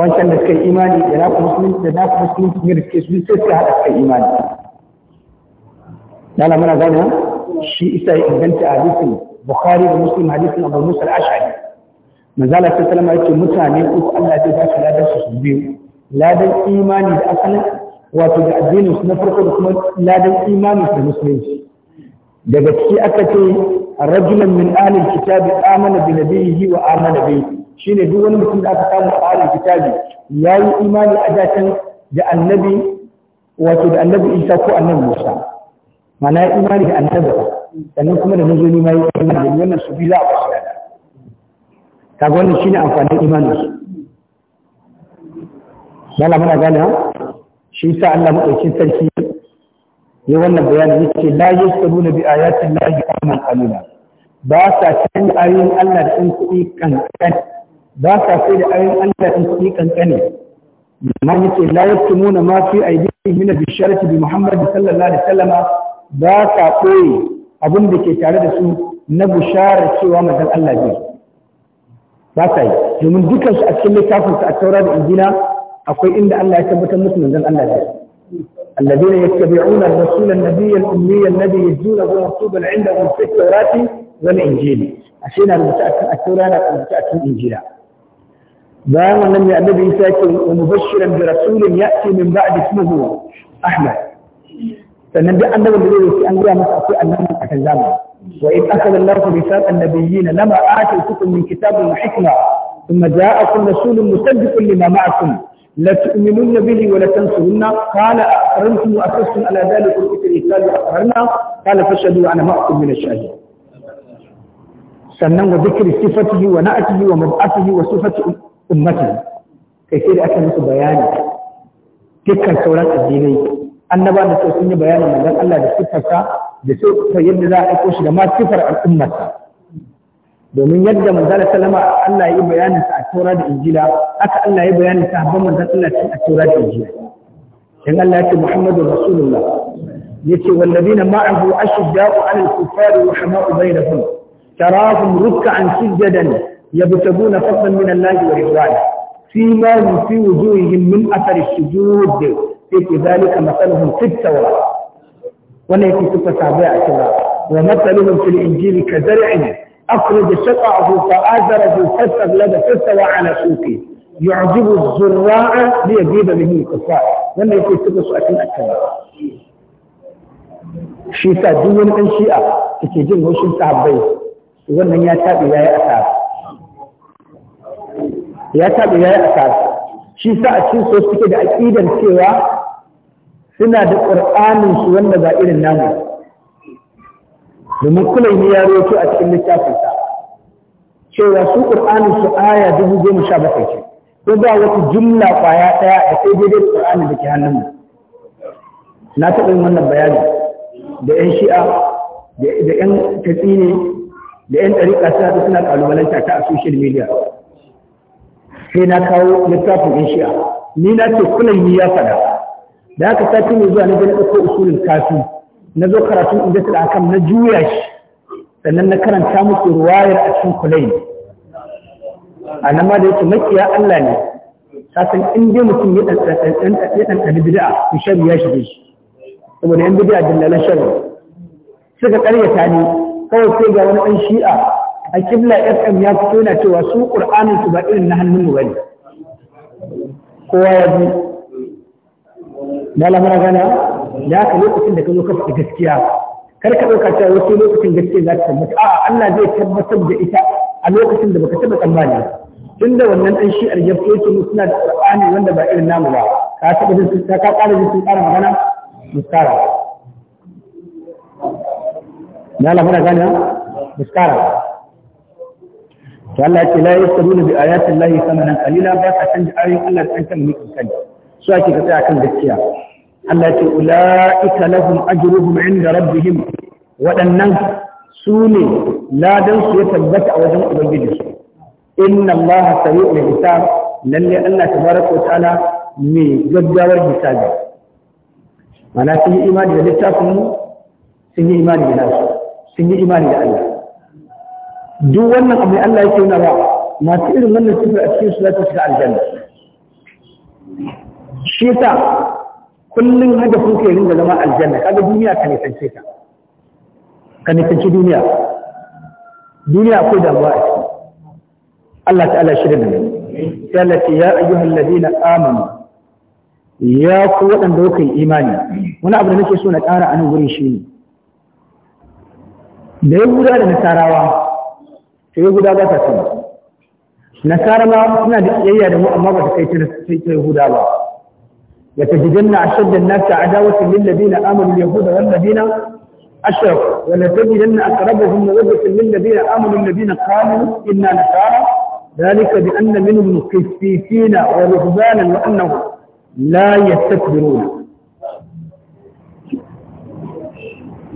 wancan da suka imani da na kuma da na kuma musulunci ne da suke sun sai suka haɗa suka imani lalama na gane mu shi isa ya inganta a hadisin bukhari da muslim hadisin abu musa al-ashari manzala ta salama yake mutane uku Allah zai ba su ladan su biyu ladan imani da asalin wato da addinin su na farko da kuma ladan imani da musulunci daga ciki aka ce rajulan min alil kitabi amana bi nabiyhi wa amana bi shine duk wani mutum da aka samu a alil kitabi yayi imani a da annabi wato da annabi Isa ko annabi Musa mana ya imani da annabi sannan kuma da nazo ni ma yi imani da wannan su bi za a wasu kaga wannan shine amfanin imanin su Bala muna gane ha shi sa Allah madaukin sarki ya wannan bayanin yake la yastabuna bi ayatin lahi amman aluna ba sa cin ayoyin Allah da in kuɗi kankan ba sa sai da ayoyin Allah da in kuɗi kankane ma yake la yastumuna ma fi aidihim min bisharati bi Muhammad sallallahu alaihi wasallama ba sa koyi abin da ke tare da su na bushara cewa manzon Allah zai ba sa yi domin dukansu a cikin littafin a taura da injila akwai inda Allah ya tabbatar musu manzon Allah zai الذين يتبعون الرسول النبي الأمي الذي يجونه مكتوبا عندهم في التوراة والإنجيل عشان المتأكد التوراة والمتأكد الإنجيل bayan wannan mai annabi Isa yake wa mubashiran bi rasulin ya'ti min Ahmad sannan duk annabin da zai yi an gaya masa akwai annabin a kan zamani wa in akala Allahu bi saqan nabiyyin lama atiikum min kitabin wa hikma thumma ja'akum rasulun musaddiqun lima ma'akum la tu'minunna bihi wa la tansurunna qala aqrantum wa aqratum ala dhalika al-ithri qala aqrarna qala fashhadu ana ma'akum min ash-shahid sannan wa dhikri sifatihi wa na'atihi wa mab'athihi wa sifati ummatihi kai sai da aka musu bayani dukkan sauran addinai annaba da sai sun yi bayanin manzon Allah da sifarsa da sifar yadda za a aiko shi da ma sifar al'ummarsa domin yadda manzon sallama Allah ya yi bayanin sa a Taurat da Injila haka Allah ya yi bayanin sahabban manzon Allah a Taurat da Injila dan Allah ya ce Muhammadur Rasulullah yace wallazina ma'ahu ashidda'u 'alal kuffari rahama'u bainahum tarahum ruk'an sujadan yabtaguna fadlan min Allah wa ridwana فيما في وجوههم min أثر السجود sai ke zalika masalahum fit tawra wannan yake suka sabai a kira wa masalahum fil injili ka zar'in akhraj shaqa'ahu fa azarahu fastaglada fastawa ala suqi yu'jibu az-zurra'a li yajiba bihi qasa wannan yake suka su a cikin akira shi sa duk wani dan shi'a take jin hushin sahabbai wannan ya tabi yayi asara ya tabi yayi asara shi sa a cikin so suke da aqidan cewa suna da ƙur'anin su wanda ba irin namu domin kula ne ya roto a cikin littafinsa cewa su ƙur'anin su aya dubu goma sha bakwai ce ko ba wata jumla ƙwaya ɗaya da sai daidai ƙur'anin da ke hannunmu na taɓa yin wannan bayani da 'yan shi'a da 'yan tatsini da 'yan ɗariƙa suna ta suna ƙalubalanta ta a social media sai na kawo littafin 'yan shi'a ni na ce yi ya faɗa da aka sati mai zuwa na gani ɗauko usulin kafi na zo karatun inda su akan na juya shi sannan na karanta musu ruwayar a cikin kulai a nan ma da yake makiya Allah ne kasan in dai mutum ya ɗanɗan bidaa, to shari ya shige shi saboda yan bid'a dillalan shari suka ƙaryata ne kawai sai ga wani ɗan shi'a a kibla fm ya fito yana cewa su ƙur'anin su ba irin na hannun mu bane kowa ya ji malamar gana ya ka lokacin da ka zo ka fi gaskiya kar ka ɗauka cewa wasu lokacin gaskiya za ta tabbata a Allah zai tabbatar da ita a lokacin da baka taɓa tsammani tun da wannan ɗan shi'ar ya fito mu suna da Qur'ani wanda ba irin namu ba ka taɓa jin ka ka ƙara jin sun ƙara magana muskara na lafara gana muskara to Allah ya ce la yasruna bi ayati llahi thamanan qalila ba ka canja ayoyin Allah da an kan mutum kanta su ake ka tsaya kan gaskiya Allah ce ula'ika lahum ajruhum inda rabbihim waɗannan su ne ladan su ya tabbata a wajen ubangiji su inna Allah sari'ul hisab lalle Allah tabaraka wa ta'ala mai gaggawar hisabi mana sun yi imani da littafin mu sun yi imani da nasu sun yi imani da Allah duk wannan abu Allah yake nuna masu irin wannan sifar a cikin su za su shiga aljanna shi yasa kullum hada kun kai da zama aljanna kaga duniya ka nisance ka ka nisanci duniya duniya akwai damuwa a ciki Allah ta'ala shirya da mu sai Allah ce ya ayyuhal ladina amanu ya ku waɗanda kuka yi imani wani abu da nake so na ƙara a nan shi ne. da ya guda da nasarawa to ya guda ba ta sama nasara ma suna da tsayayya da mu amma ba ta kai ta yahuda ba لتجدن أشد الناس عداوة للذين آمنوا اليهود والذين أشركوا ولتجدن أقربهم مودة للذين آمنوا الذين قالوا إنا نصارى ذلك بأن منهم قسيسين ورهبانا وأنهم لا يستكبرون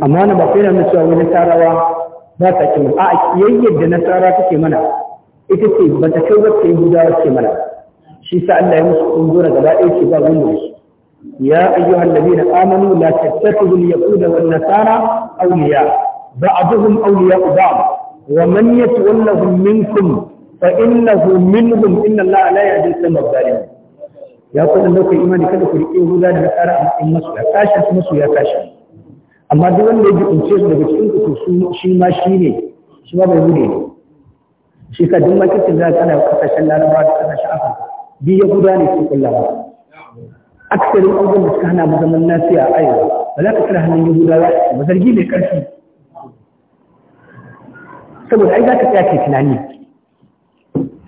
amma na ba kai na cewa wani tarawa ba ta ce a kiyayyar da nasara take mana ita ce shi sa Allah ya musu kungura gaba ɗaya ce ba wani su ya ayyuhan ladina amanu la tattakhudhu al-yahuda wan nasara awliya ba'dhum awliya ba'd wa man yatawallahum minkum fa innahu minhum inna Allah la yahdi al-qawma adh-dhalimin ya kullun da ku imani kada ku rike huda da nasara a cikin masu ya su masu ya kashi amma duk wanda ya ji kunce su daga cikin ku to shi ma shi ne shi ma bai gude ne shi ka duk makicin za ka ana kasashen larabawa da kasashen afirka bi ya guda ne su kullawa aksarin abubuwan da suka hana mu zaman lafiya a yau ba za ka kira hannun yahudawa ba zargi mai ƙarfi saboda ai za ka tsaya kai tunani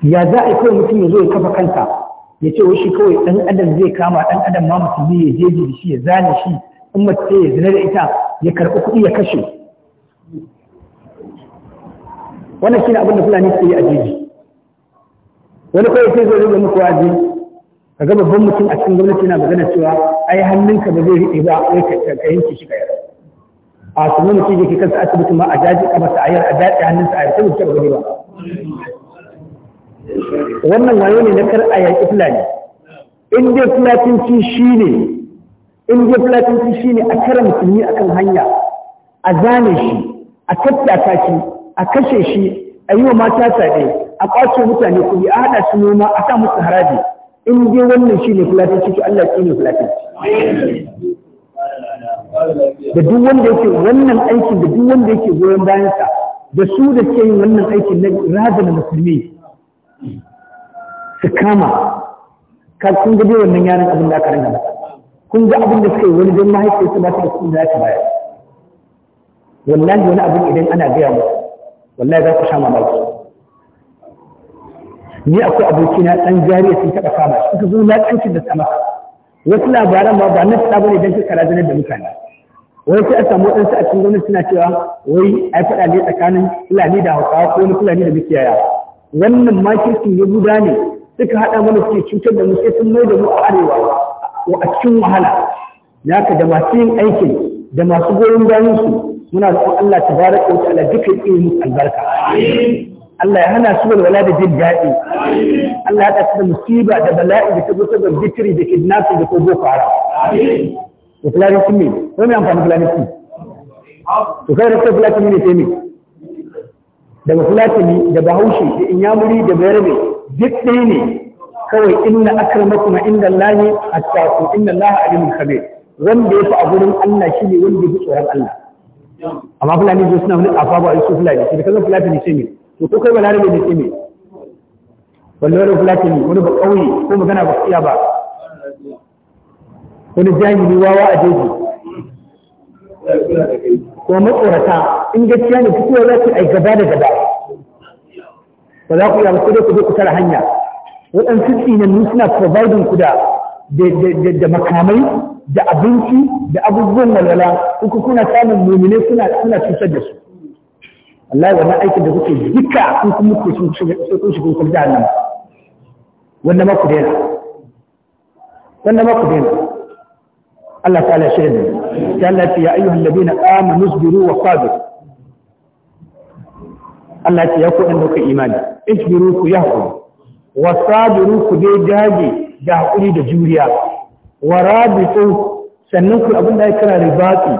ya za a yi kawai mutum ya zo ya kafa kanta? ya ce shi kawai ɗan adam zai kama ɗan adam ma musulmi ya jeji da shi ya zane shi in mace ya zina da ita ya karɓi kuɗi ya kashe wannan shi ne abin da fulani suke yi a jeji wani kawai sai zai rubuta muku waje ka ga babban mutum a cikin gwamnati yana magana cewa ai hannunka ba zai riƙe ba wai ka yanke shi ka yar a sunan mutum yake kansa asibiti ma a jaji a masa ayar a daɗe hannunsa a yarda ta mutum ba ba wannan wayo ne na kar a yaƙi fulani in dai shi ne in dai shi ne a kare musulmi akan hanya a zane shi a tattaka shi a kashe shi a yi wa mata saɗe a kwace mutane kuɗi a haɗa su noma a sa musu haraji in dai wannan shi ne fulatanci to Allah shi ne fulatanci da duk wanda yake wannan aikin da duk wanda yake goyon bayansa da su da ke yin wannan aikin na na musulmi su kama ka kun ga wannan yaran abin da aka rinka kun ga abin da suka yi wani don su ba su da kuɗin da za ta bayar wallahi wani abin idan ana gaya mu, wallahi za ku sha mamaki ni akwai abokina dan jariya sun taɓa kama shi suka zo na tsanci da sama wasu labaran ma ba na faɗa bane dan ka razanar da mutane wai sai a samu waɗansu a cikin gwamnati suna cewa wai ai faɗa ne tsakanin fulani da hausawa ko wani fulani da makiyaya wannan ma kirkin guda ne suka haɗa mana suke cutar da mu sai sun mai da mu a arewa a cikin wahala ya ka da masu yin aikin da masu goyon bayan muna roƙon Allah tabaraka wa ta'ala dukkan ilimin albarka Allah ya hana su walwala da jin daɗi Allah ya tafi da musiba da bala'i da ta zo saboda zikiri da kidnapping da ko boko haram da filanin ne ko mai amfani filanin sun to kai rasa filanin ne sai ne daga filanin da bahaushe da inyamuri da bayarbe duk ɗaya ne kawai inna akramakum inda Allahi attaqu inna Allaha alimul khabir wanda yafi a gurin Allah shine wanda yafi tsoron Allah amma filanin suna wani afabu a su filanin shi da kallon filanin sai to ko kai balarabe ne sai me balle wani fulatani wani ba kauye ko magana ba iya ba wani jahili wawa a jeji ko matsorata in gaskiya ne fitowa za su ai gaba da gaba ba za ku ya ba sai ku zo ku tara hanya waɗansu tsinannu suna providing ku da makamai da abinci da abubuwan walwala uku kuna samun mumine suna cutar da su wallahi wannan aikin da kuke duka in kun mutu sun shiga kun shiga kun jahannama wannan ma ku daina wannan ma ku daina Allah ta'ala shi da ya Allah ya ayyuhal ladina amanu isbiru wa sabiru Allah ya ku dan duka imani isbiru ku yahkum wa sabiru ku dai dage da hakuri da juriya wa rabitu sannan ku abinda ya kira ribati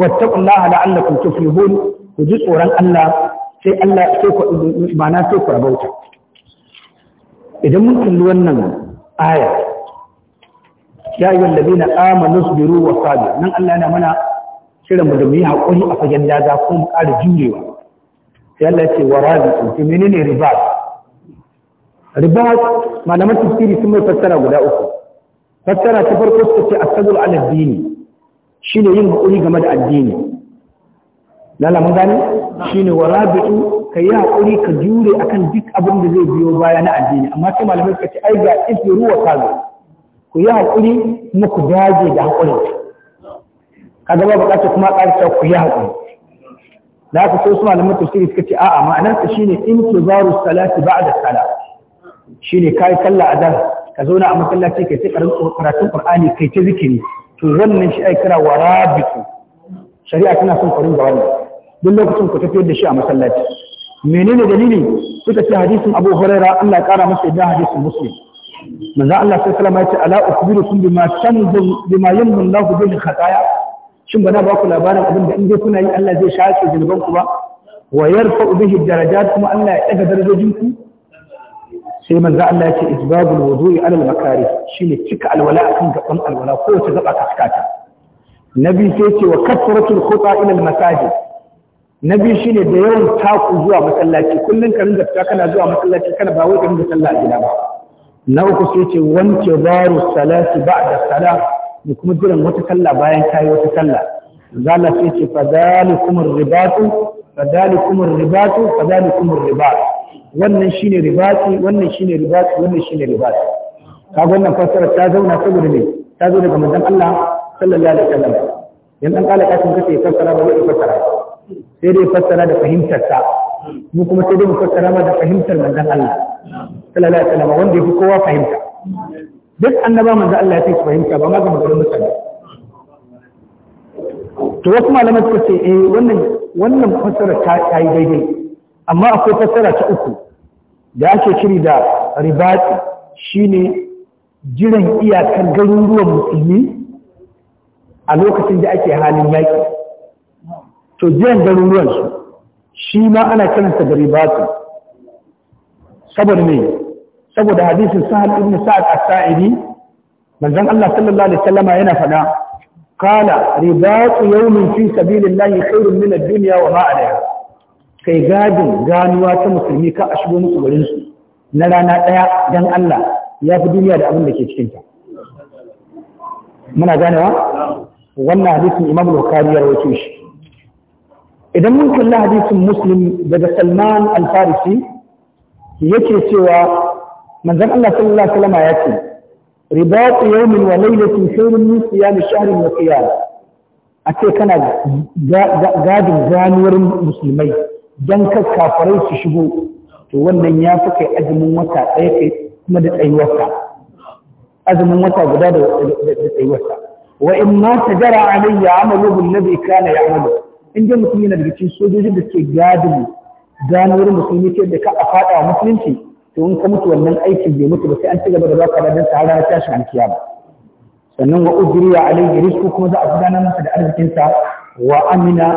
wattaqullaha la'allakum tuflihun ku ji tsoron Allah sai Allah soka ba ma'ana sai ku rabauta idan mun kalli wannan aya ya yi na na amanu biru wa sabi, nan Allah yana mana kiran mu da mu yi hakuri a fagen daga ko mu ƙara jurewa sai Allah ya ce wa rabitu mini menene ribat ribat malaman tafsiri sun mai fassara guda uku fassara ta farko suka ce asabul aladdini. Shi ne yin hakuri game da addini lala mun gani shine wa ka yi hakuri ka jure akan duk abin da zai biyo baya na addini amma sai malamai suka ce ai ga isru wa kazu ku yi hakuri kuma ku dage da hakuri kaga ba bukata kuma karshe ku yi hakuri da ka so su malamai tafsiri suka ce a'a ma'anar ta shine intizaru salati ba'da salat shine kai sallah azan ka zauna a masallaci kai ta karatun qur'ani kai ta zikiri to wannan shi ai kira wa rabitu shari'a tana son kwarin ga wannan duk lokacin ku tafiyar da shi a masallaci menene dalili suka ce hadisin Abu Huraira Allah ya kara masa idan hadisin Muslim manzo Allah sallallahu alaihi ya ce ala ukhbirukum bima tanzul bima yamhu Allah bil khataya shin bana ba ku labarin abin da in dai kuna yi Allah zai shafe zunuban ku ba wa yarfa'u bihi darajat kuma Allah ya daga darajojin ku sai manzo Allah ya ce isbabul wudu'i ala al makarih shine cika alwala akan gaban alwala ko ta gaba ka cika ta nabi sai ce wa kathratul khuta ila al masajid na biyu ne da yawan taku zuwa masallaci kullum ka ringa fita kana zuwa masallaci kana ba wai ka ringa sallah gida ba na uku sai ce wanke baro salati ba'da salah da kuma jiran wata sallah bayan ta yi wata sallah zalla sai ce fadalikum ribatu fa fadalikum ribatu fadalikum ribat wannan shine ribati wannan shine ribati wannan shine ribati kaga wannan fasara ta zauna saboda ne ta zo daga manzon Allah sallallahu alaihi wasallam dan an kala kafin kace fassara ba wai fassara sai dai fassara da fahimtar sa mu kuma sai dai mu fassara ma da fahimtar manzon Allah sallallahu alaihi wasallam wanda yafi kowa fahimta duk annaba manzon Allah ya fi fahimta ba ma ga maganar mutane to wasu malamai suka ce eh wannan wannan fassara ta yi daidai amma akwai fassara ta uku da ake kiri da ribati shine jiran iyakan garuruwan musulmi a lokacin da ake halin yaƙi to jiyan garuruwan su shi ma ana kiransa da ribatu saboda ne saboda hadisin sahal ibn sa'ad as-sa'idi manzon Allah sallallahu alaihi wasallam yana fada qala ribatu yawmin fi sabilillahi khairun min ad-dunya wa ma kai gadin ganuwa ta musulmi ka a shigo musu garin su na rana daya dan Allah ya fi duniya da abin da ke cikin ta muna ganewa wannan hadisin imam bukhari ya rawaito shi idan mun kalla hadisin muslim daga salman al-farisi yake cewa manzon Allah sallallahu alaihi wasallam ya ce ribat yawmin wa laylatin khairun min siyam shahrin wa qiyam ace kana gadin ganuwar musulmai dan kar kafirai su shigo to wannan ya fi kai azumin wata ɗaya kai kuma da tsayuwarsa azumin wata guda da tsayuwarsa wa in ma tajara alayya amaluhu alladhi kana ya'malu in dai mutum yana daga cikin sojojin da suke gadin gano musulmi ce da ka a fada wa musulunci to in ka mutu wannan aikin bai mutu ba sai an ci gaba da ka da dan sahara na tashin ba sannan wa ujriya alayhi rizqu kuma za a gudanar masa da arzikin sa wa amina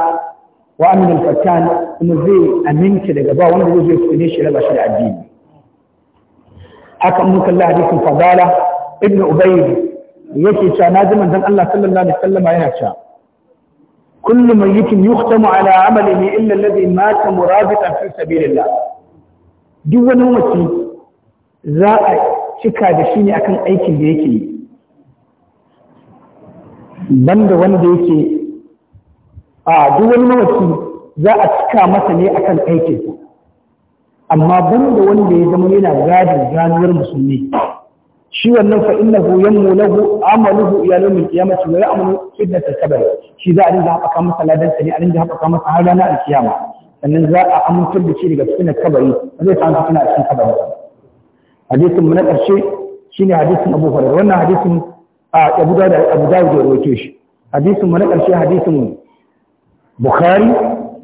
wa amina al-fatan kuma zai aminci daga ba wanda zai zai tsine shi raba shi da addini haka mun kalla hadisin fadala ibnu ubayd yake cewa na ji manzon Allah sallallahu alaihi wasallam yana cewa كل ميت يختم على عمله إلا الذي مات مرابطا في سبيل الله duk wani mace za a cika da shi ne akan aikin da yake yi banda wanda yake a duk wani mamaci za a cika masa ne akan aikin amma banda wanda ya zama yana gadin ganuwar musulmi shi wannan fa innahu yanmu lahu amaluhu ila yawmil qiyamati wa ya'malu fitnat al-qabr shi za a dinga haɓaka masa ladan ne a dinga haɓaka masa har ranar al-kiyama sannan za a amintar da shi daga cikin kabari ba zai samu fitina a cikin kabari hadisin mu na ƙarshe shine hadisin Abu Hurairah wannan hadisin a Abu Dawud Abu Dawud ya rawaito shi hadisin mu na ƙarshe hadisin Bukhari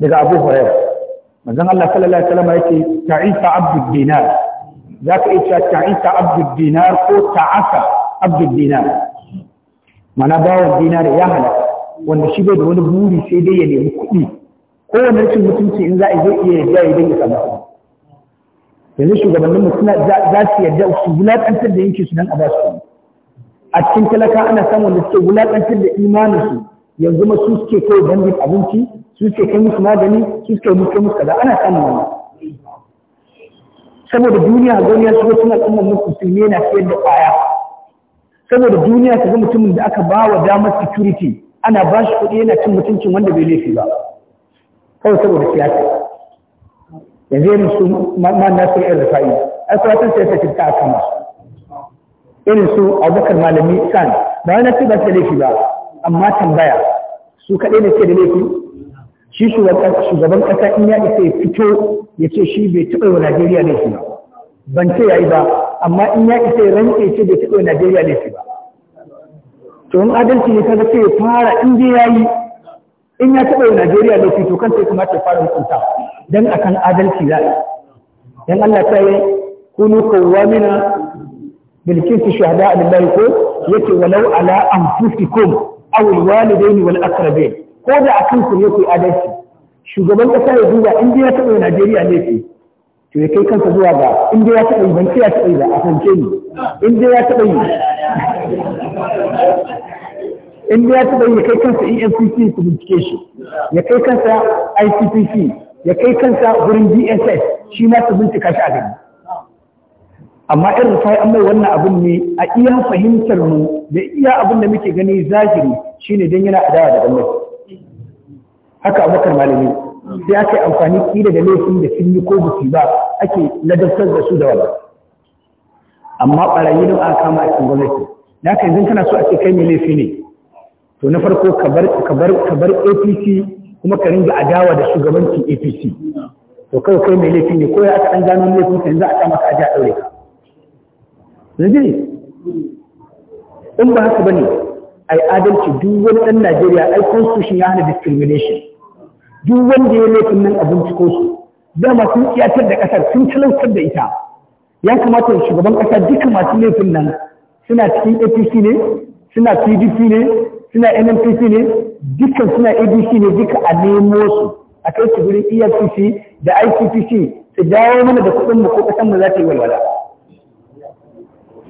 daga Abu Hurairah manzon Allah sallallahu alaihi wasallam yake ta'isa abdud dinar za ka iya ta'ita abdul dinar ko ta'asa abdul dinar mana bawan dinar ya halaka wanda shi bai da wani buri sai dai ya nemi kuɗi kowane rashin mutunci in za a zai iya yarda ya dinga samu yanzu shugabannin mutum za su yarda su wulaƙantar da yankin su nan a ba su a cikin talaka ana samun da suke wulaƙantar da imaninsu yanzu ma su suke kai bandin abinci su suke kai musu magani su suke musu musu kaza ana samun wannan saboda duniya a zaune ya shigo cikin al'ummar musulmi yana siyar da kwaya saboda duniya ta ga mutumin da aka ba wa damar security ana ba shi kuɗi yana cin mutuncin wanda bai laifi ba kawai saboda siyasa yanzu irin su ma nasu sai yan rufa'i a suwatan siyasa ta ta aka masu irin su abubakar malami san ba wani ce ba su da laifi ba amma tambaya su kaɗai da ke da laifi shi shugaban ƙasa in ya isa ya fito ya ce shi bai taɓa wa Najeriya laifi ba ban ce ya yi ba amma in ya isa ya rantse ce bai taɓa wa Najeriya laifi ba to in adalci ne kaga sai ya fara in dai yayi in ya taɓa wa Najeriya laifi to kan sai kamata ya fara hukunta dan akan adalci za dan Allah ta yi kunu qawamina bil kinti shuhada lillahi ko yake walau ala anfusikum aw al walidain wal aqrabin ko da a kansu ne ke adalci shugaban kasa ya duba in ya taɓa Najeriya ne ke to ya kai kansa zuwa ga in ya taɓa yi ban ce ya taɓa yi ba a fance ni in ya taɓa yi in ya taɓa yi ya kai kansa emcc su bincike shi ya kai kansa ICPC ya kai kansa wurin DSS shi ma su bincika shi a gani amma irin sai an mai wannan abin ne a iya fahimtar mu da iya abin da muke gani zahiri shine dan yana adawa da gwamnati haka abubakar malami sai aka yi amfani kila da laifin da sun yi ko buki ba ake ladabtar da su da wala amma ɓarayi don aka kama a cikin gwamnati da yi zan kana so a ce kai mai laifi ne to na farko ka bar apc kuma ka ringa adawa da shugabancin apc to kawai kai mai laifi ne ko ya aka ɗan gano laifin ka yanzu a kama ka ajiya a ɗaure ka yanzu ne in ba haka ba ne a yi adalci duk wani ɗan najeriya ai constitution ya hana discrimination duk wanda ya laifin nan a binciko su dama sun tsiyatar da kasar sun talautar da ita ya kamata shugaban kasa duka masu laifin nan suna cikin apc ne suna pdp ne suna nnpc ne dukkan suna abc ne duka a nemo su a kai su gurin efcc da icpc su dawo mana da kuɗin mu ko kasan mu za ta yi walwala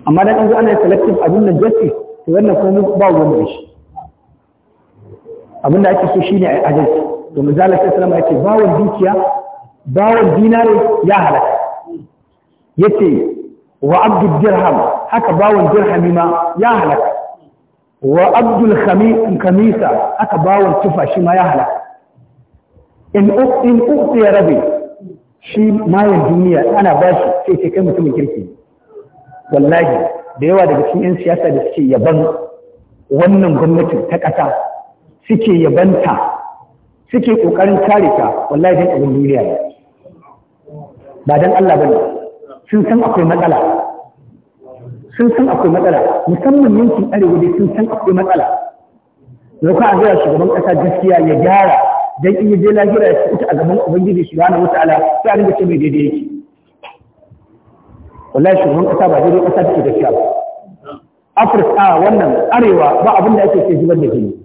amma dan an zo ana selective abin nan justice to wannan kuma ba wani shi abin da ake so shine a adalci to manzala sai sallama yace bawon dukiya bawon dinare ya halaka yace wa abdul dirham haka bawon dirhami ma ya halaka wa abdul kamisa haka bawon tufa shi ma ya halaka in in ya rabi shi mayan duniya ana bashi sai ce kai mutumin kirki wallahi da yawa daga cikin yan siyasa da suke yaban wannan gwamnati ta ƙasa suke yabanta suke ƙoƙarin kare ta wallahi dan abin duniya ne ba dan Allah bane sun san akwai matsala sun san akwai matsala musamman yankin arewa dai sun san akwai matsala lokacin a zuwa shugaban kasa gaskiya ya gyara dan in je lahira ya fita a gaban ubangiji subhanahu wataala sai a rinka ce mai daidai yake wallahi shugaban kasa ba daidai kasa take gaskiya ba afirka wannan arewa ba abin da ake ce zubar da jini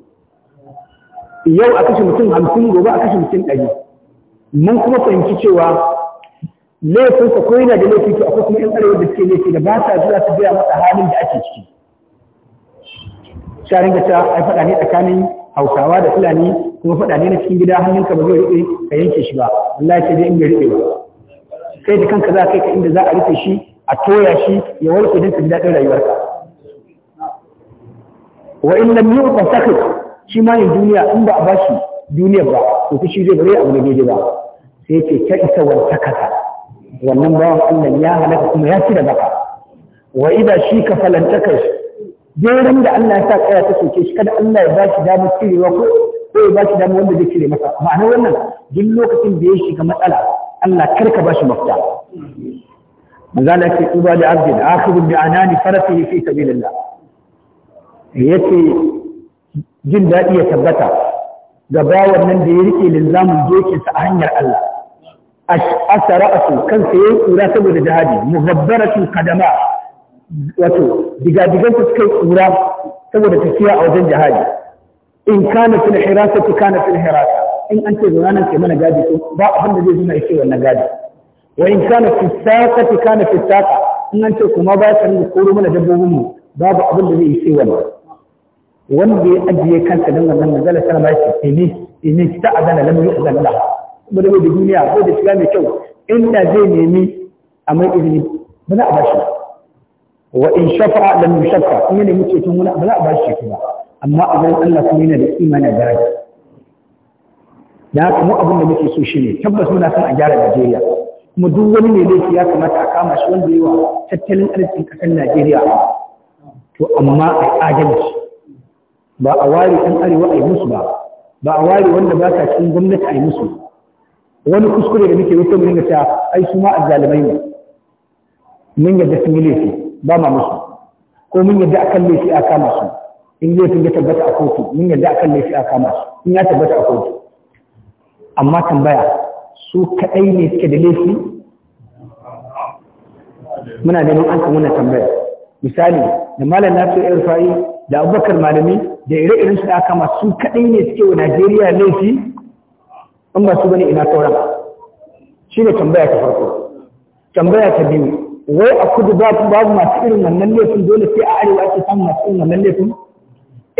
yau a kashe mutum hamsin gobe a kashe mutum ɗari mun kuma fahimci cewa laifinsa ko yana da laifin to akwai kuma yan arewa da suke laifi da ba sa zuwa su biya masa halin da ake ciki sharin da ta ai faɗa ne tsakanin hausawa da fulani kuma faɗa ne na cikin gida hannunka ba zai riƙe ka yanke shi ba wallahi sai dai in bai riƙe ba kai da kanka za ka kai ka inda za a rufe shi a toya shi ya warke don ka ji daɗin rayuwarka wa in lam yu'ta sakhir shi ma yin duniya in ba a bashi duniya ba to shi zai bare abu da daidai ba sai ce ta isa wanta kasa wannan bawan Allah ya halaka kuma ya ci da baka wa idza shi ka falanta kai jerin da Allah ya sa kaya ta soke shi kada Allah ya bashi damar cirewa ko ko ya bashi damar wanda zai cire masa ma'ana wannan duk lokacin da ya shiga matsala Allah karka bashi mafita manzala ce uba da abdin akhiru bi anani farasihi fi sabilillah yace jin daɗi ya tabbata ga bawan nan da ya rike linzamin dokinsa a hanyar Allah asara asu kansa ya yi kura saboda jihadi muhabbaratu kadama wato digadigansa suka yi kura saboda tafiya a wajen jihadi in kana fil hirasati kana fil hirasa in an ce zuwa nan sai mana gadi ko ba abin da zai zama ya ce wannan gadi wa in kana fi saqati kana fi saqa in an ce kuma ba ka nuna koro mana dabbobin mu babu abin da zai yi sai wannan wanda ya ajiye kanta don wannan manzala sana ba shi ini ini ta azana lam yi azan la kuma da da duniya ko da shiga mai kyau inda zai nemi a mai izini ba za a ba shi wa in shafa lam yi shafa in ya nemi tun wani ba za a ba shi kuma amma a gurin Allah kuma yana da imanin daraja da haka mu abin da muke so shi ne. tabbas muna son a gyara Najeriya kuma duk wani ne laifi ya kamata a kama shi wanda yawa tattalin arzikin ƙasar Najeriya to amma a adalci ba a ware ɗan arewa a yi musu ba ba a ware wanda ba ta cikin gwamnati a yi musu wani kuskure da muke wuce mu dinga cewa ai su ma azzalimai ne mun yadda sun yi laifi ba ma musu ko mun yadda akan laifi a kama su in laifin ya tabbata a kotu mun yadda akan laifi a kama su in ya tabbata a kotu amma tambaya su kaɗai ne suke da laifi muna neman an kan wannan tambaya misali da malam nasu irfa'i da abubakar malami da ire irin su aka masu kaɗai ne suke wa Najeriya laifi in ba su bane ina tauran shi ne tambaya ta farko tambaya ta biyu wai a kudu babu masu irin wannan laifin dole sai a arewa ake samun masu irin wannan laifin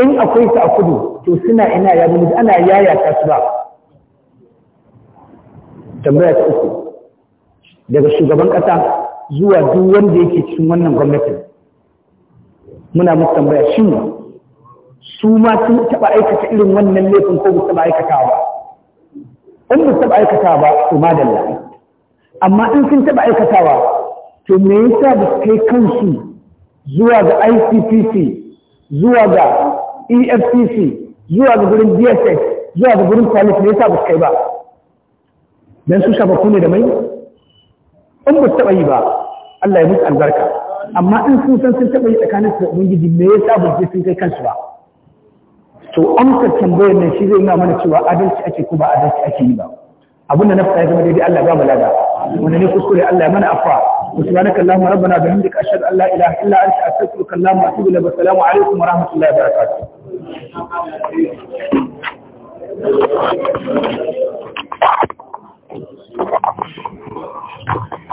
in akwai su a kudu to suna ina ya bi ana yaya ta su ba tambaya ta uku daga shugaban ƙasa zuwa duk wanda yake cikin wannan gwamnatin muna musu tambaya shi ne. su ma sun taɓa aikata irin wannan laifin ko ba taɓa aikatawa ba in ba taɓa aikatawa ba to madalla amma in sun taɓa aikatawa to me yasa da su kai kansu zuwa ga ICPC zuwa ga EFCC zuwa ga gurin DSS zuwa ga gurin police me yasa ba su kai ba dan su shafa ne da mai in ba su taɓa yi ba Allah ya musu albarka amma in sun san sun taɓa yi tsakanin su da ubangiji me yasa ba su sun kai kansu ba to amsar tambayar nan shi zai nuna mana cewa adalci ake ko ba adalci ake yi ba abinda na fara zama daidai Allah ga balaga wanda ne kuskure Allah ya mana afwa subhanaka allahumma rabbana bihamdika ashhadu an la ilaha illa anta astaghfiruka allahumma wa atubu ilayk assalamu alaikum wa rahmatullahi wa barakatuh